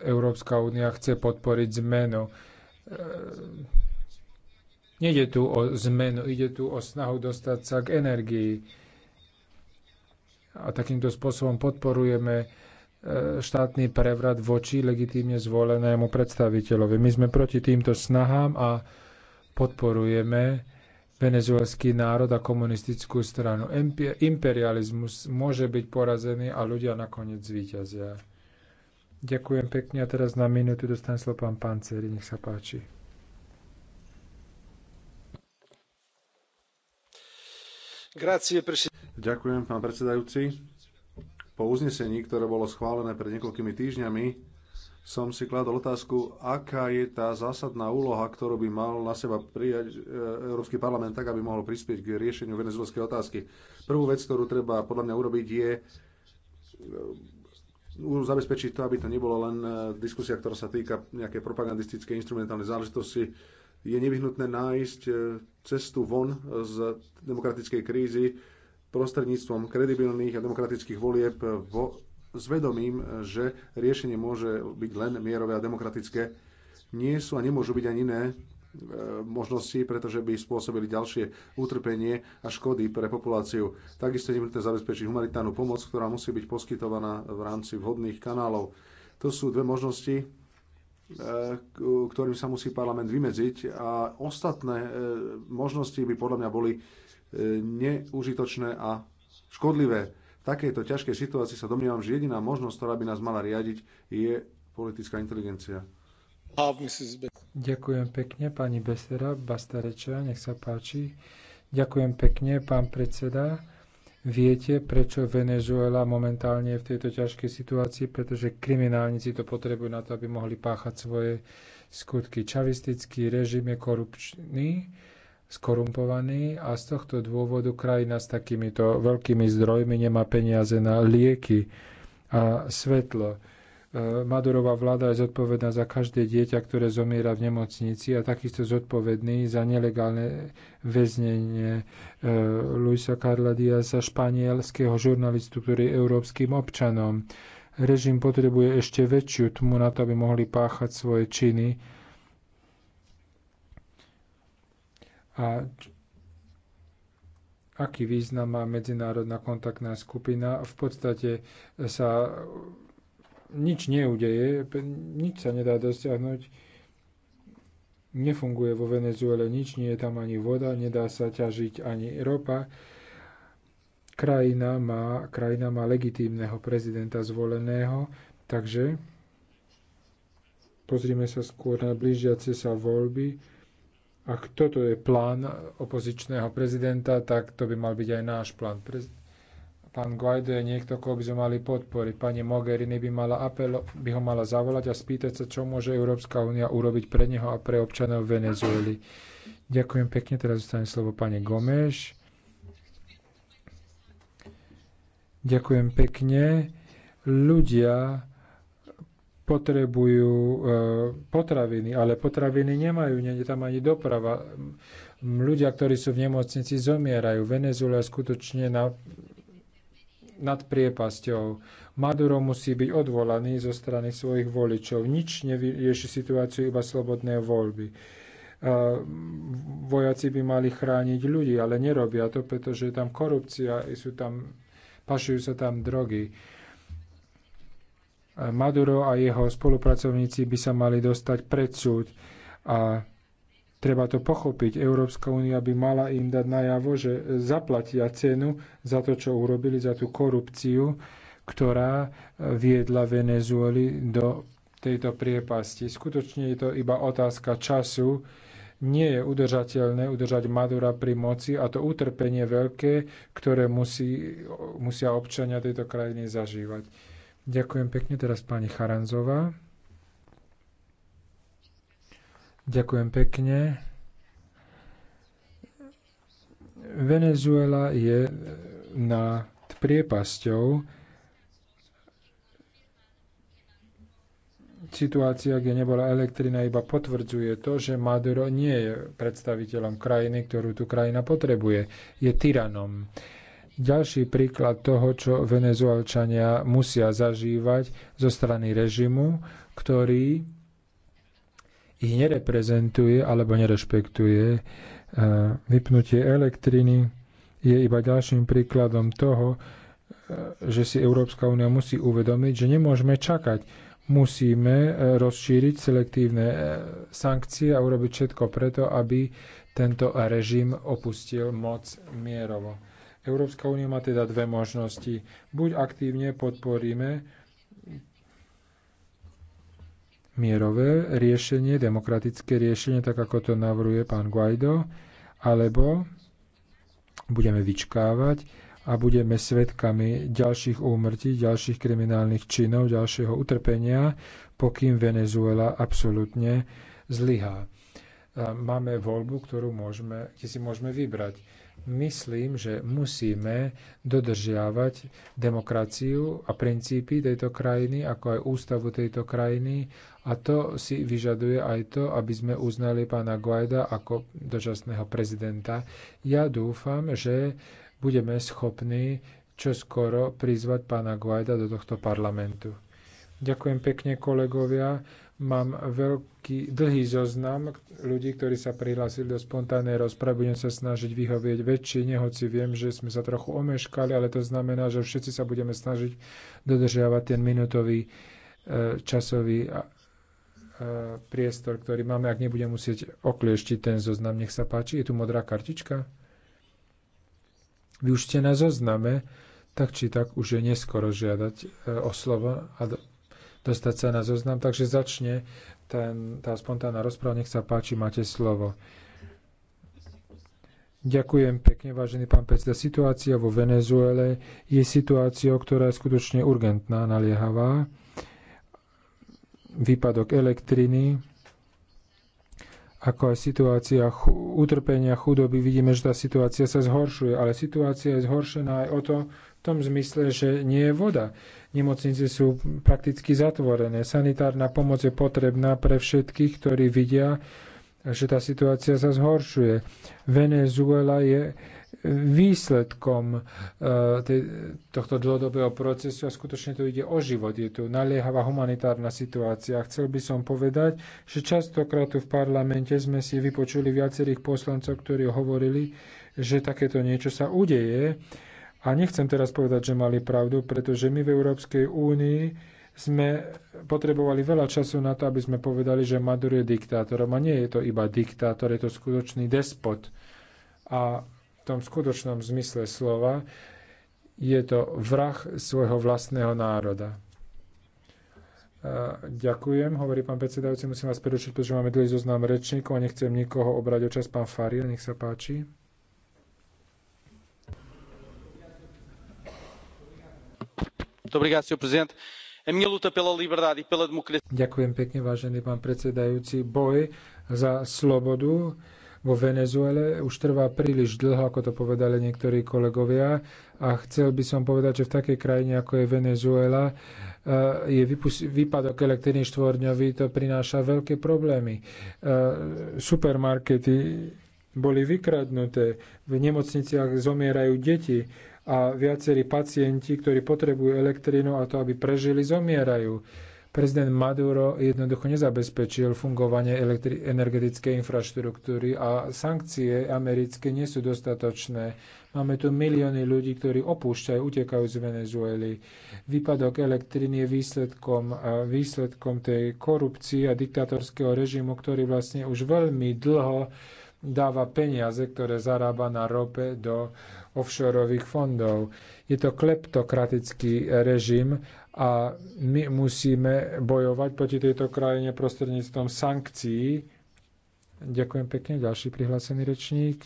A: Európska únia chce podporiť zmenu
B: e,
A: Nejde tu o zmenu, ide tu o snahu dostať sa k energii. A takýmto spôsobom podporujeme e, štátny prevrat voči legitímne zvolenému predstaviteľovi. My sme proti týmto snahám a podporujeme venezuelský národ a komunistickú stranu. Imperializmus môže byť porazený a ľudia nakoniec zvíťazia. Ďakujem pekne a teraz na minútu dostane slovo pán Panceri, nech sa páči.
B: Ďakujem, pán predsedajúci. Po uznesení, ktoré bolo schválené pred niekoľkými týždňami, som si kladol otázku, aká je tá zásadná úloha, ktorú by mal na seba prijať e, Európsky parlament tak, aby mohol prispieť k riešeniu venezuelskej otázky. Prvú vec, ktorú treba podľa mňa urobiť, je e, zabezpečiť to, aby to nebolo len e, diskusia, ktorá sa týka nejaké propagandistické instrumentálnej záležitosti, je nevyhnutné nájsť e, cestu von z demokratickej krízy prostredníctvom kredibilných a demokratických volieb e, vo zvedomím, e, že riešenie môže byť len mierové a demokratické. Nie sú a nemôžu byť ani iné možnosti, pretože by spôsobili ďalšie utrpenie a škody pre populáciu. Takisto nemôžete zabezpečiť humanitárnu pomoc, ktorá musí byť poskytovaná v rámci vhodných kanálov. To sú dve možnosti, E, ktorým sa musí parlament vymedziť a ostatné e, možnosti by podľa mňa boli e, neužitočné a škodlivé. V takejto ťažkej situácii sa domnievam, že jediná možnosť, ktorá by nás mala riadiť, je politická inteligencia.
A: Ďakujem pekne, pani Besera Bastareča, nech sa páči. Ďakujem pekne, pán predseda. Viete, prečo Venezuela momentálne je v tejto ťažkej situácii? Pretože kriminálnici to potrebujú na to, aby mohli páchať svoje skutky. Čavistický režim je korupčný, skorumpovaný a z tohto dôvodu krajina s takýmito veľkými zdrojmi nemá peniaze na lieky a svetlo E, Madurová vláda je zodpovedná za každé dieťa, ktoré zomiera v nemocnici a takisto zodpovedný za nelegálne väznenie e, Luisa Carla Diaza, španielského žurnalistu, ktorý je európskym občanom. Režim potrebuje ešte väčšiu tmu na to, aby mohli páchať svoje činy. A aký význam má medzinárodná kontaktná skupina? V podstate sa nič neudeje, nič sa nedá dosiahnuť, nefunguje vo Venezuele nič, nie je tam ani voda, nedá sa ťažiť ani ropa. Krajina má, krajina má legitímneho prezidenta zvoleného, takže pozrime sa skôr na blížiace sa voľby. Ak toto je plán opozičného prezidenta, tak to by mal byť aj náš plán. prezidenta. Pán Guaido je niekto, koho by sme mali podporiť. Pani Mogherini by, mala apelo, by ho mala zavolať a spýtať sa, čo môže Európska únia urobiť pre neho a pre občanov Venezuely. Ďakujem pekne, teraz zostane slovo pani Gomeš. Ďakujem pekne. Ľudia potrebujú e, potraviny, ale potraviny nemajú, nie je tam ani doprava. Ľudia, ktorí sú v nemocnici, zomierajú. Venezuela je skutočne na nad priepasťou. Maduro musí byť odvolaný zo strany svojich voličov. Nič nevyrieši situáciu, iba slobodné voľby e, vojaci by mali chrániť ľudí, ale nerobia to, pretože je tam korupcia, sú tam, pašujú sa tam drogy. E, Maduro a jeho spolupracovníci by sa mali dostať pred súd a Treba to pochopiť. Európska únia by mala im dať najavo, že zaplatia cenu za to, čo urobili, za tú korupciu, ktorá viedla Venezueli do tejto priepasti. Skutočne je to iba otázka času. Nie je udržateľné udržať Madura pri moci a to utrpenie veľké, ktoré musí, musia občania tejto krajiny zažívať. Ďakujem pekne teraz pani Charanzová. Ďakujem pekne. Venezuela je nad priepasťou. Situácia, kde nebola elektrina, iba potvrdzuje to, že Maduro nie je predstaviteľom krajiny, ktorú tu krajina potrebuje. Je tyranom. Ďalší príklad toho, čo venezuelčania musia zažívať zo strany režimu, ktorý ich nereprezentuje alebo nerešpektuje. Eh, vypnutie elektriny je iba ďalším príkladom toho, eh, že si Európska únia musí uvedomiť, že nemôžeme čakať. Musíme eh, rozšíriť selektívne sankcie a urobiť všetko preto, aby tento režim opustil moc mierovo. Európska únia má teda dve možnosti. Buď aktívne podporíme mierové riešenie, demokratické riešenie, tak ako to navrhuje pán Guaido, alebo budeme vyčkávať a budeme svedkami ďalších úmrtí, ďalších kriminálnych činov, ďalšieho utrpenia, pokým Venezuela absolútne zlyhá. Máme voľbu, ktorú môžeme, kde si môžeme vybrať myslím, že musíme dodržiavať demokraciu a princípy tejto krajiny, ako aj ústavu tejto krajiny. A to si vyžaduje aj to, aby sme uznali pána Guaida ako dočasného prezidenta. Ja dúfam, že budeme schopní čo skoro prizvať pána Guaida do tohto parlamentu. Ďakujem pekne kolegovia. Mám veľký, dlhý zoznam ľudí, ktorí sa prihlásili do spontánnej rozpravy. Budem sa snažiť vyhovieť väčšine, hoci viem, že sme sa trochu omeškali, ale to znamená, že všetci sa budeme snažiť dodržiavať ten minutový, e, časový e, priestor, ktorý máme, ak nebudem musieť oklieštiť ten zoznam. Nech sa páči, je tu modrá kartička. Vy už ste na zozname, tak či tak už je neskoro žiadať e, o slovo a dostať sa na zoznam. Takže začne ten, tá spontánna rozpráva. Nech sa páči, máte slovo. Ďakujem pekne, vážený pán predseda. Situácia vo Venezuele je situáciou, ktorá je skutočne urgentná, naliehavá. Výpadok elektriny, ako aj situácia utrpenia, chudoby. Vidíme, že tá situácia sa zhoršuje, ale situácia je zhoršená aj o to, v tom zmysle, že nie je voda. Nemocnice sú prakticky zatvorené. Sanitárna pomoc je potrebná pre všetkých, ktorí vidia, že tá situácia sa zhoršuje. Venezuela je výsledkom e, tohto dlhodobého procesu a skutočne tu ide o život. Je tu naliehavá humanitárna situácia. chcel by som povedať, že častokrát tu v parlamente sme si vypočuli viacerých poslancov, ktorí hovorili, že takéto niečo sa udeje a nechcem teraz povedať, že mali pravdu, pretože my v Európskej únii sme potrebovali veľa času na to, aby sme povedali, že Maduro je diktátorom. A nie je to iba diktátor, je to skutočný despot. A v tom skutočnom zmysle slova je to vrah svojho vlastného národa. Ďakujem, hovorí pán predsedajúci, musím vás prerušiť, pretože máme dlhý zoznam rečníkov a nechcem nikoho obrať o čas. Pán Faria, nech sa páči.
B: E
A: Ďakujem pekne, vážený pán predsedajúci. Boj za slobodu vo Venezuele už trvá príliš dlho, ako to povedali niektorí kolegovia. A chcel by som povedať, že v takej krajine, ako je Venezuela, eh, je výpadok elektriny štvorňový, to prináša veľké problémy. Eh, supermarkety boli vykradnuté, v nemocniciach zomierajú deti, a viacerí pacienti, ktorí potrebujú elektrínu a to, aby prežili, zomierajú. Prezident Maduro jednoducho nezabezpečil fungovanie elektri- energetickej infraštruktúry a sankcie americké nie sú dostatočné. Máme tu milióny ľudí, ktorí opúšťajú, utekajú z Venezuely. Výpadok elektriny je výsledkom, výsledkom tej korupcie a diktatorského režimu, ktorý vlastne už veľmi dlho dáva peniaze, ktoré zarába na rope do offshoreových fondov. Je to kleptokratický režim a my musíme bojovať proti tejto krajine prostredníctvom sankcií. Ďakujem pekne. Ďalší prihlásený rečník.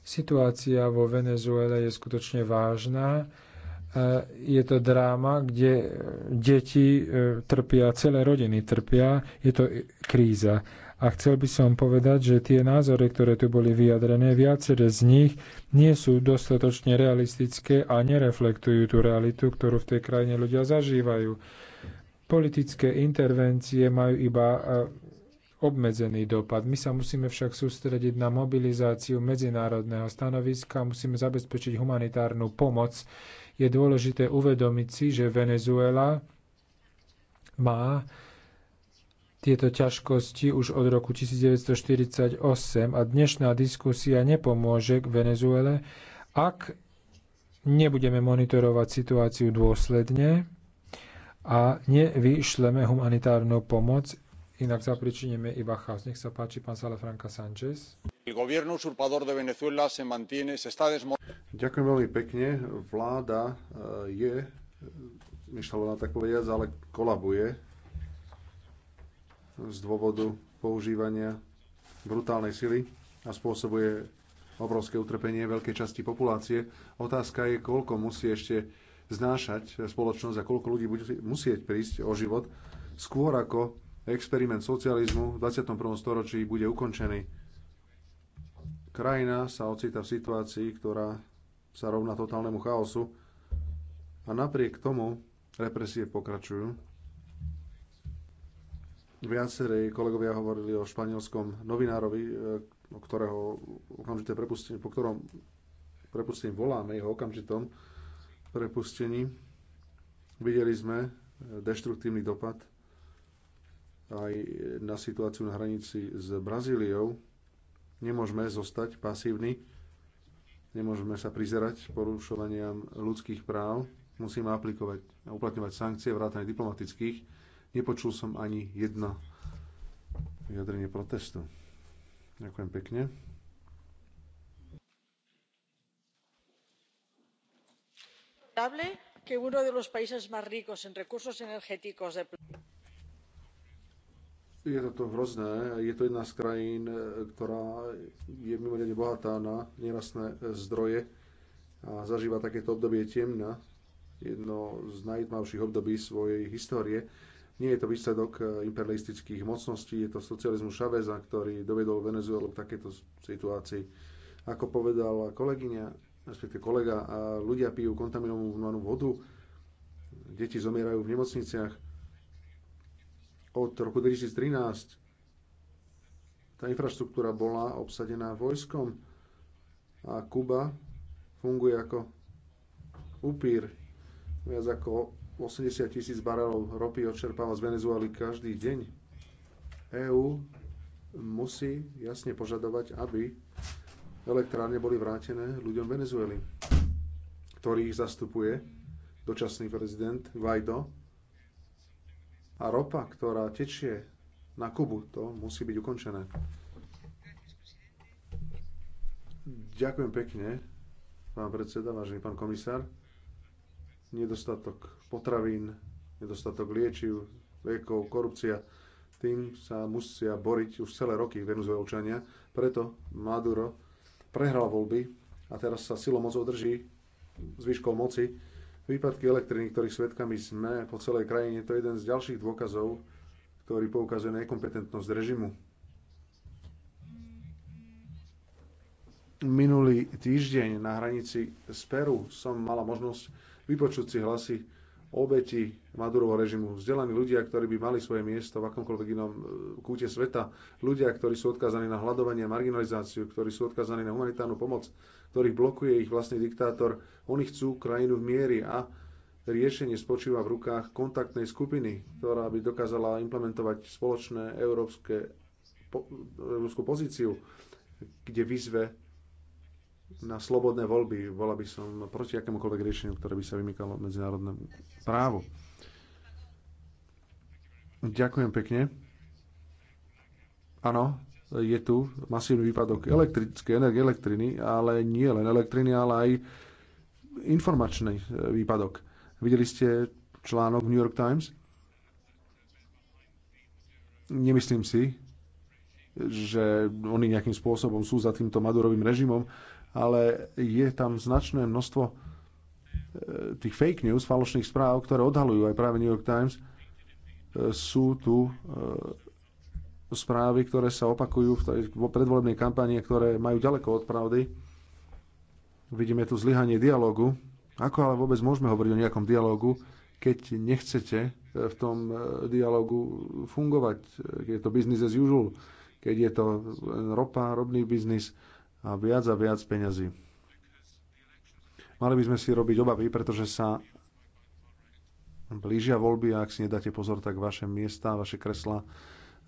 A: Situácia vo Venezuele je skutočne vážna eh, je to dráma, kde eh, deti eh, trpia, celé rodiny trpia, je to kríza. A chcel by som povedať, že tie názory, ktoré tu boli vyjadrené, viaceré z nich nie sú dostatočne realistické a nereflektujú tú realitu, ktorú v tej krajine ľudia zažívajú. Politické intervencie majú iba e, obmedzený dopad. My sa musíme však sústrediť na mobilizáciu medzinárodného stanoviska, musíme zabezpečiť humanitárnu pomoc. Je dôležité uvedomiť si, že Venezuela má tieto ťažkosti už od roku 1948 a dnešná diskusia nepomôže k Venezuele, ak nebudeme monitorovať situáciu dôsledne a nevyšleme humanitárnu pomoc, inak zapričiníme iba chaos. Nech sa páči,
B: pán Salafranca Sanchez. Ďakujem veľmi pekne. Vláda eh, je myšľovaná eh, tak povediať, ale kolabuje z dôvodu používania brutálnej sily a spôsobuje obrovské utrpenie veľkej časti populácie. Otázka je, koľko musí ešte znášať spoločnosť a koľko ľudí bude musieť prísť o život skôr ako experiment socializmu v 21. storočí bude ukončený. Krajina sa ocita v situácii, ktorá sa rovná totálnemu chaosu a napriek tomu represie pokračujú. Viacerí kolegovia hovorili o španielskom novinárovi, e, o ktorého okamžite prepustenie, po ktorom prepustení voláme, jeho okamžitom prepustení. Videli sme e, deštruktívny dopad aj na situáciu na hranici s Brazíliou. Nemôžeme zostať pasívni, nemôžeme sa prizerať porušovaniam ľudských práv, musíme aplikovať a uplatňovať sankcie vrátane diplomatických Nepočul som ani jedno vyjadrenie protestu. Ďakujem pekne.
C: que uno de los países más ricos en recursos energéticos de
B: je to hrozné. Je to jedna z krajín, ktorá je mimoriadne bohatá na nerastné zdroje a zažíva takéto obdobie temna, jedno z najtmavších období svojej histórie. Nie je to výsledok e, imperialistických mocností, je to socializmus Chaveza, ktorý dovedol Venezuelu k takejto situácii. Ako povedala kolegyňa, respektíve kolega, ľudia pijú kontaminovanú vodu, deti zomierajú v nemocniciach. Od roku 2013 tá infraštruktúra bola obsadená vojskom a Kuba funguje ako upír. Viac ako 80 tisíc barelov ropy odčerpáva z Venezuely každý deň. EÚ musí jasne požadovať, aby elektrárne boli vrátené ľuďom Venezuely, ktorých zastupuje dočasný prezident Guaido. A ropa, ktorá tečie na Kubu, to musí byť ukončené. Ďakujem pekne, pán predseda, vážený pán komisár nedostatok potravín, nedostatok liečiv, liekov, korupcia. Tým sa musia boriť už celé roky venezuelčania. Preto Maduro prehral voľby a teraz sa silou moc drží zvyškou moci. Výpadky elektriny, ktorých svetkami sme po celej krajine, to je jeden z ďalších dôkazov, ktorý poukazuje nekompetentnosť režimu. Minulý týždeň na hranici z Peru som mala možnosť vypočuť si hlasy obeti Madurovho režimu, vzdelaní ľudia, ktorí by mali svoje miesto v akomkoľvek inom e, kúte sveta, ľudia, ktorí sú odkazaní na hľadovanie a marginalizáciu, ktorí sú odkazaní na humanitárnu pomoc, ktorých blokuje ich vlastný diktátor. Oni chcú krajinu v miery a riešenie spočíva v rukách kontaktnej skupiny, ktorá by dokázala implementovať spoločné európske, európsku pozíciu, kde vyzve na slobodné voľby. Bola by som proti akémukoľvek riešeniu, ktoré by sa vymykalo medzinárodnému právu. Ďakujem pekne. Áno, je tu masívny výpadok elektrickej energie, elektriny, ale nie len elektriny, ale aj informačný e, výpadok. Videli ste článok New York Times? Nemyslím si, že oni nejakým spôsobom sú za týmto Madurovým režimom ale je tam značné množstvo e, tých fake news, falošných správ, ktoré odhalujú aj práve New York Times. E, sú tu e, správy, ktoré sa opakujú v predvolebnej kampanii, ktoré majú ďaleko od pravdy. Vidíme tu zlyhanie dialogu. Ako ale vôbec môžeme hovoriť o nejakom dialogu, keď nechcete v tom dialogu fungovať, keď je to business as usual, keď je to ropa, robný biznis, a viac a viac peňazí. Mali by sme si robiť obavy, pretože sa blížia voľby a ak si nedáte pozor, tak vaše miesta, vaše kresla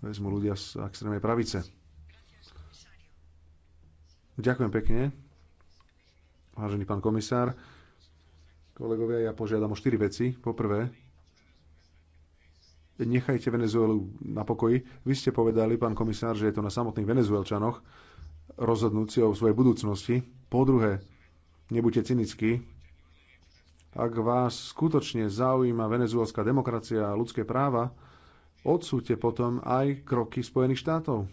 B: vezmu ľudia z extrémnej pravice. Ďakujem pekne, vážený pán komisár. Kolegovia, ja požiadam o štyri veci. Poprvé, nechajte Venezuelu na pokoji. Vy ste povedali, pán komisár, že je to na samotných Venezuelčanoch, rozhodnúť si o svojej budúcnosti. Po druhé, nebuďte cynickí. Ak vás skutočne zaujíma venezuelská demokracia a ľudské práva, odsúďte potom aj kroky Spojených štátov.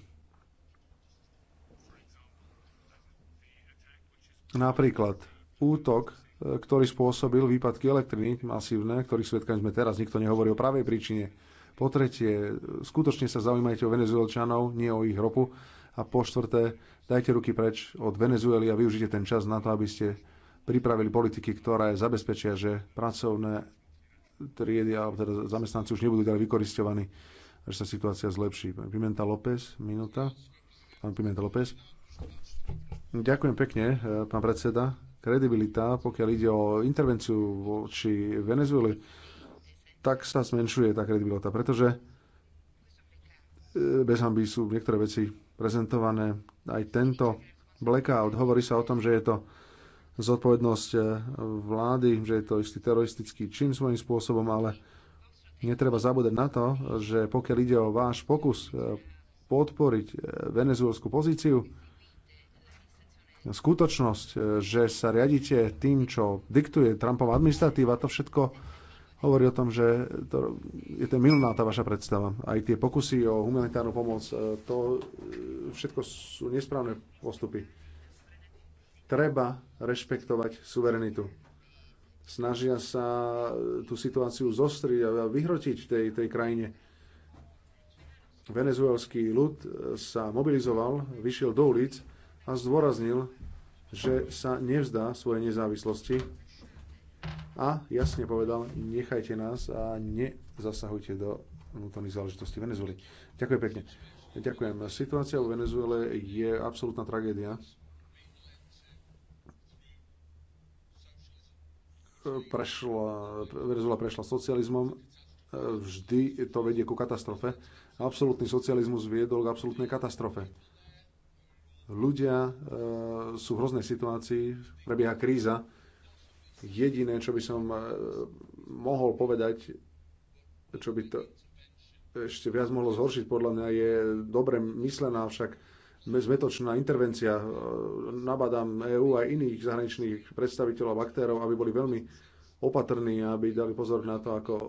B: Napríklad útok, e, ktorý spôsobil výpadky elektriny masívne, ktorých svetkami sme teraz, nikto nehovorí o pravej príčine. Po tretie, e, skutočne sa zaujímajte o venezuelčanov, nie o ich ropu. A po štvrté, dajte ruky preč od Venezuely a využite ten čas na to, aby ste pripravili politiky, ktoré zabezpečia, že pracovné triedy alebo teda zamestnanci už nebudú ďalej vykoristovaní, že sa situácia zlepší. Pimenta López, minúta. Pán Pimenta López. Ďakujem pekne, eh, pán predseda. Kredibilita, pokiaľ ide o intervenciu voči Venezueli, tak sa zmenšuje tá kredibilita, pretože eh, bez hamby sú niektoré veci prezentované aj tento blackout. Hovorí sa o tom, že je to zodpovednosť eh, vlády, že je to istý teroristický čin svojím spôsobom, ale netreba zabúdať na to, že pokiaľ ide o váš pokus eh, podporiť eh, venezuelskú pozíciu, skutočnosť, že sa riadite tým, čo diktuje Trumpova administratíva, to všetko hovorí o tom, že to, je to milná tá vaša predstava. Aj tie pokusy o humanitárnu pomoc, e, to e, všetko sú nesprávne postupy. Treba rešpektovať suverenitu. Snažia sa e, tú situáciu zostriť a vyhrotiť tej, tej krajine. Venezuelský ľud sa mobilizoval, vyšiel do ulic a zdôraznil, že sa nevzdá svoje nezávislosti a jasne povedal, nechajte nás a nezasahujte do vnútorných záležitostí Venezuely. Ďakujem pekne. Ďakujem. Situácia v Venezuele je absolútna tragédia. Prešla, Venezuela prešla socializmom, vždy to vedie ku katastrofe. Absolútny socializmus viedol k absolútnej katastrofe. Ľudia eh, sú v hroznej situácii, prebieha kríza, Jediné, čo by som e, mohol povedať, čo by to ešte viac mohlo zhoršiť, podľa mňa je dobre myslená, však zmetočná intervencia. E, nabadám EÚ aj iných zahraničných predstaviteľov aktérov, aby boli veľmi opatrní, aby dali pozor na to, ako e,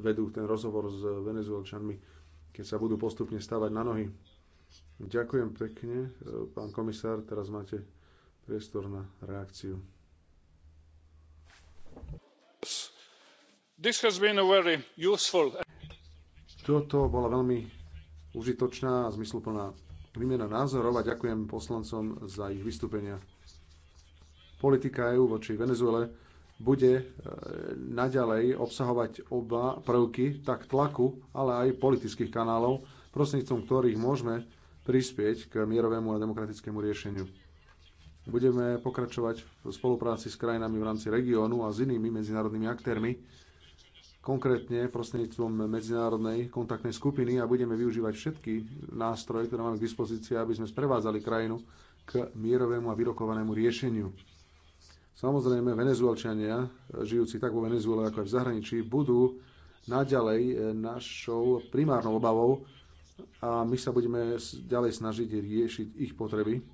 B: vedú ten rozhovor s venezuelčanmi, keď sa budú postupne stavať na nohy. Ďakujem pekne, pán komisár, teraz máte priestor na reakciu. Toto bola veľmi užitočná a zmysluplná výmena názorov a ďakujem poslancom za ich vystúpenia. Politika EÚ voči Venezuele bude e, naďalej obsahovať oba prvky, tak tlaku, ale aj politických kanálov, prostredníctvom ktorých môžeme prispieť k mierovému a demokratickému riešeniu. Budeme pokračovať v spolupráci s krajinami v rámci regiónu a s inými medzinárodnými aktérmi, konkrétne prostredníctvom medzinárodnej kontaktnej skupiny a budeme využívať všetky nástroje, ktoré máme k dispozícii, aby sme sprevádzali krajinu k mierovému a vyrokovanému riešeniu. Samozrejme, Venezuelčania, žijúci tak vo Venezuele ako aj v zahraničí, budú naďalej e, našou primárnou obavou a my sa budeme ďalej snažiť riešiť ich potreby.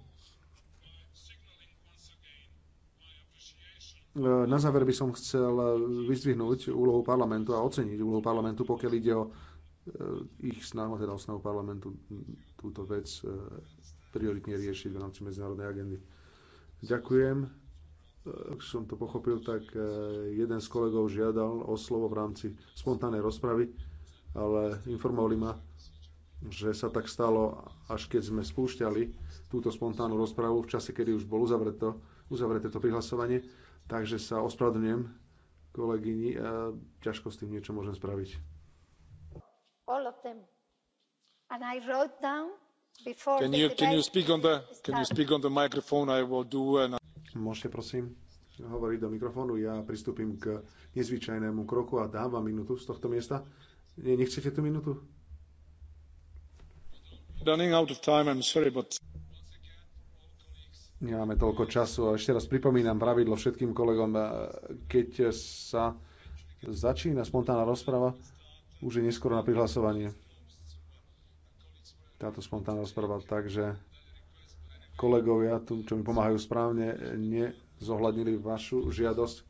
B: Na záver by som chcel vyzdvihnúť úlohu parlamentu a oceniť úlohu parlamentu, pokiaľ ide o e, ich snahu, teda o snahu parlamentu túto vec e, prioritne riešiť v rámci medzinárodnej agendy. Ďakujem. E, ak som to pochopil, tak jeden z kolegov žiadal o slovo v rámci spontánnej rozpravy, ale informovali ma, že sa tak stalo, až keď sme spúšťali túto spontánnu rozpravu v čase, kedy už bolo uzavreté uzavreté to prihlasovanie Takže sa ospravedlňujem kolegyni a ťažko s tým niečo môžem spraviť.
C: All of them. And I wrote down before can you, can you speak on the, can you speak
B: on the microphone? I will do an... Môžete prosím hovoriť do mikrofónu. Ja pristúpim k nezvyčajnému kroku a dám vám minútu z tohto miesta. Nie, nechcete tú minútu? Running out of time, I'm sorry, but nemáme toľko času. A ešte raz pripomínam pravidlo všetkým kolegom, e, keď sa začína spontánna rozprava, už je neskoro na prihlasovanie táto spontánna rozprava. Takže kolegovia, tu, čo mi pomáhajú správne, nezohľadnili vašu žiadosť.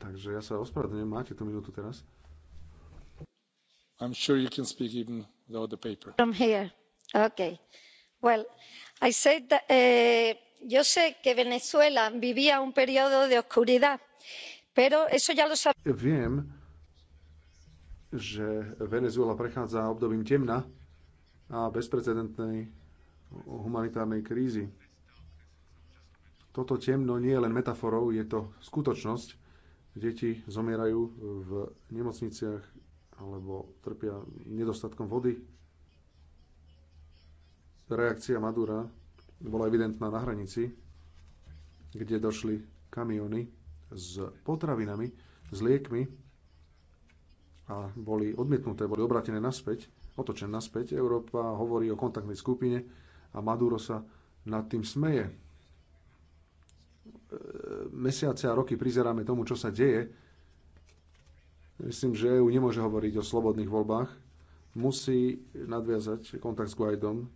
B: Takže ja sa ospravedlňujem, máte tú minútu teraz. I'm sure you can speak even without the paper.
C: I'm here. Okay. Eh, yo sé que venezuela vivía un periodo de oscuridad pero eso ya lo
B: Viem, že Venezuela prechádza obdobím temna a bezprecedentnej humanitárnej krízy. Toto temno nie je len metaforou, je to skutočnosť. Deti zomierajú v nemocniciach alebo trpia nedostatkom vody, reakcia Madura bola evidentná na hranici, kde došli kamiony s potravinami, s liekmi a boli odmietnuté, boli obratené naspäť, otočené naspäť. Európa hovorí o kontaktnej skupine a Maduro sa nad tým smeje. E, mesiace a roky prizeráme tomu, čo sa deje. Myslím, že EU nemôže hovoriť o slobodných voľbách. Musí nadviazať kontakt s Guaidom,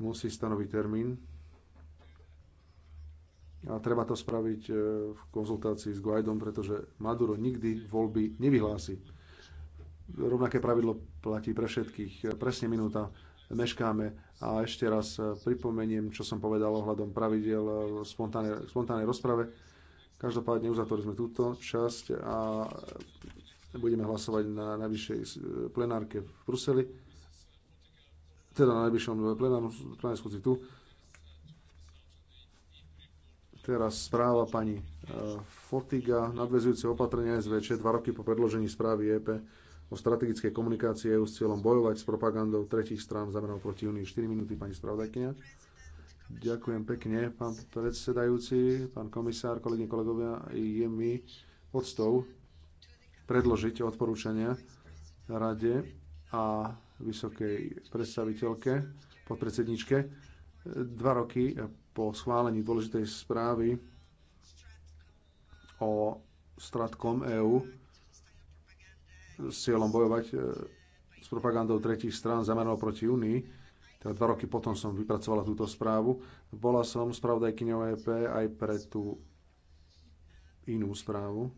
B: musí stanoviť termín a treba to spraviť e, v konzultácii s Guaidom, pretože Maduro nikdy voľby nevyhlási. Rovnaké pravidlo platí pre všetkých. Presne minúta meškáme a ešte raz e, pripomeniem, čo som povedal ohľadom pravidel v e, spontánnej, rozprave. Každopádne uzatvorili sme túto časť a budeme hlasovať na najvyššej plenárke v Bruseli teda na najbližšom plenárnom schôdzi tu. Teraz správa pani e, Fotiga, nadvezujúce opatrenia SVČ dva roky po predložení správy EP o strategickej komunikácie EU s cieľom bojovať s propagandou tretich strán zameranou proti Unii. 4 minúty, pani spravodajkynia. Ďakujem pekne, pán predsedajúci, pán komisár, kolegyne, kolegovia. Je mi podstou predložiť odporúčania rade a vysokej predstaviteľke, podpredsedničke, dva roky po schválení dôležitej správy o stratkom EÚ s cieľom bojovať e, s propagandou tretich strán zameranou proti Unii. Teda dva roky potom som vypracovala túto správu. Bola som spravodajkyňou EP aj pre tú inú správu.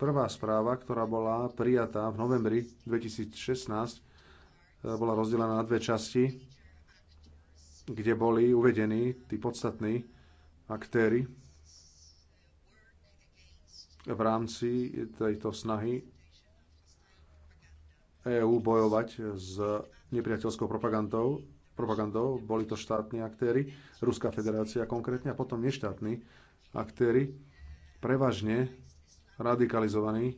B: Prvá správa, ktorá bola prijatá v novembri 2016, eh, bola rozdelená na dve časti, kde boli uvedení tí podstatní aktéry v rámci tejto snahy EÚ bojovať s nepriateľskou propagandou. propagandou. Boli to štátni aktéry, Ruská federácia konkrétne, a potom neštátni aktéry, prevažne radikalizovaní,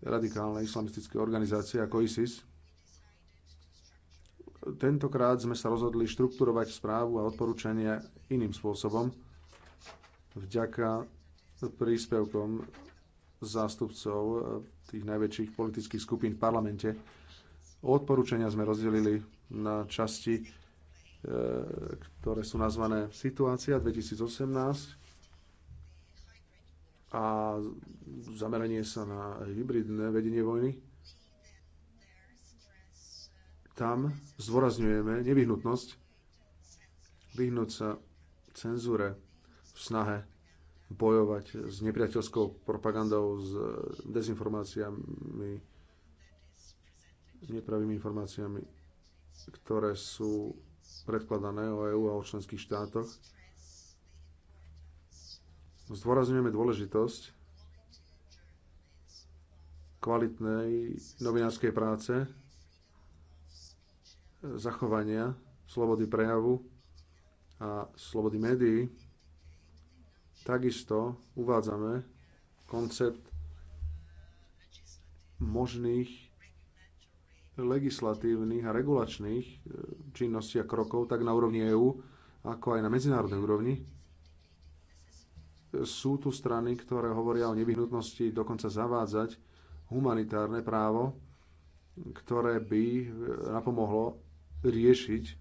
B: radikálne islamistické organizácie ako ISIS. Tentokrát sme sa rozhodli štruktúrovať správu a odporúčania iným spôsobom vďaka príspevkom zástupcov tých najväčších politických skupín v parlamente. Odporúčania sme rozdelili na časti, e, ktoré sú nazvané Situácia 2018, a zameranie sa na hybridné vedenie vojny, tam zdôrazňujeme nevyhnutnosť vyhnúť sa cenzúre v snahe bojovať s nepriateľskou propagandou, s dezinformáciami, nepravými informáciami, ktoré sú predkladané o EÚ a o členských štátoch Zdôrazňujeme dôležitosť kvalitnej novinárskej práce, zachovania slobody prejavu a slobody médií. Takisto uvádzame koncept možných legislatívnych a regulačných eh, činností a krokov tak na úrovni EÚ, ako aj na medzinárodnej úrovni, sú tu strany, ktoré hovoria o nevyhnutnosti dokonca zavádzať humanitárne právo, ktoré by eh, napomohlo riešiť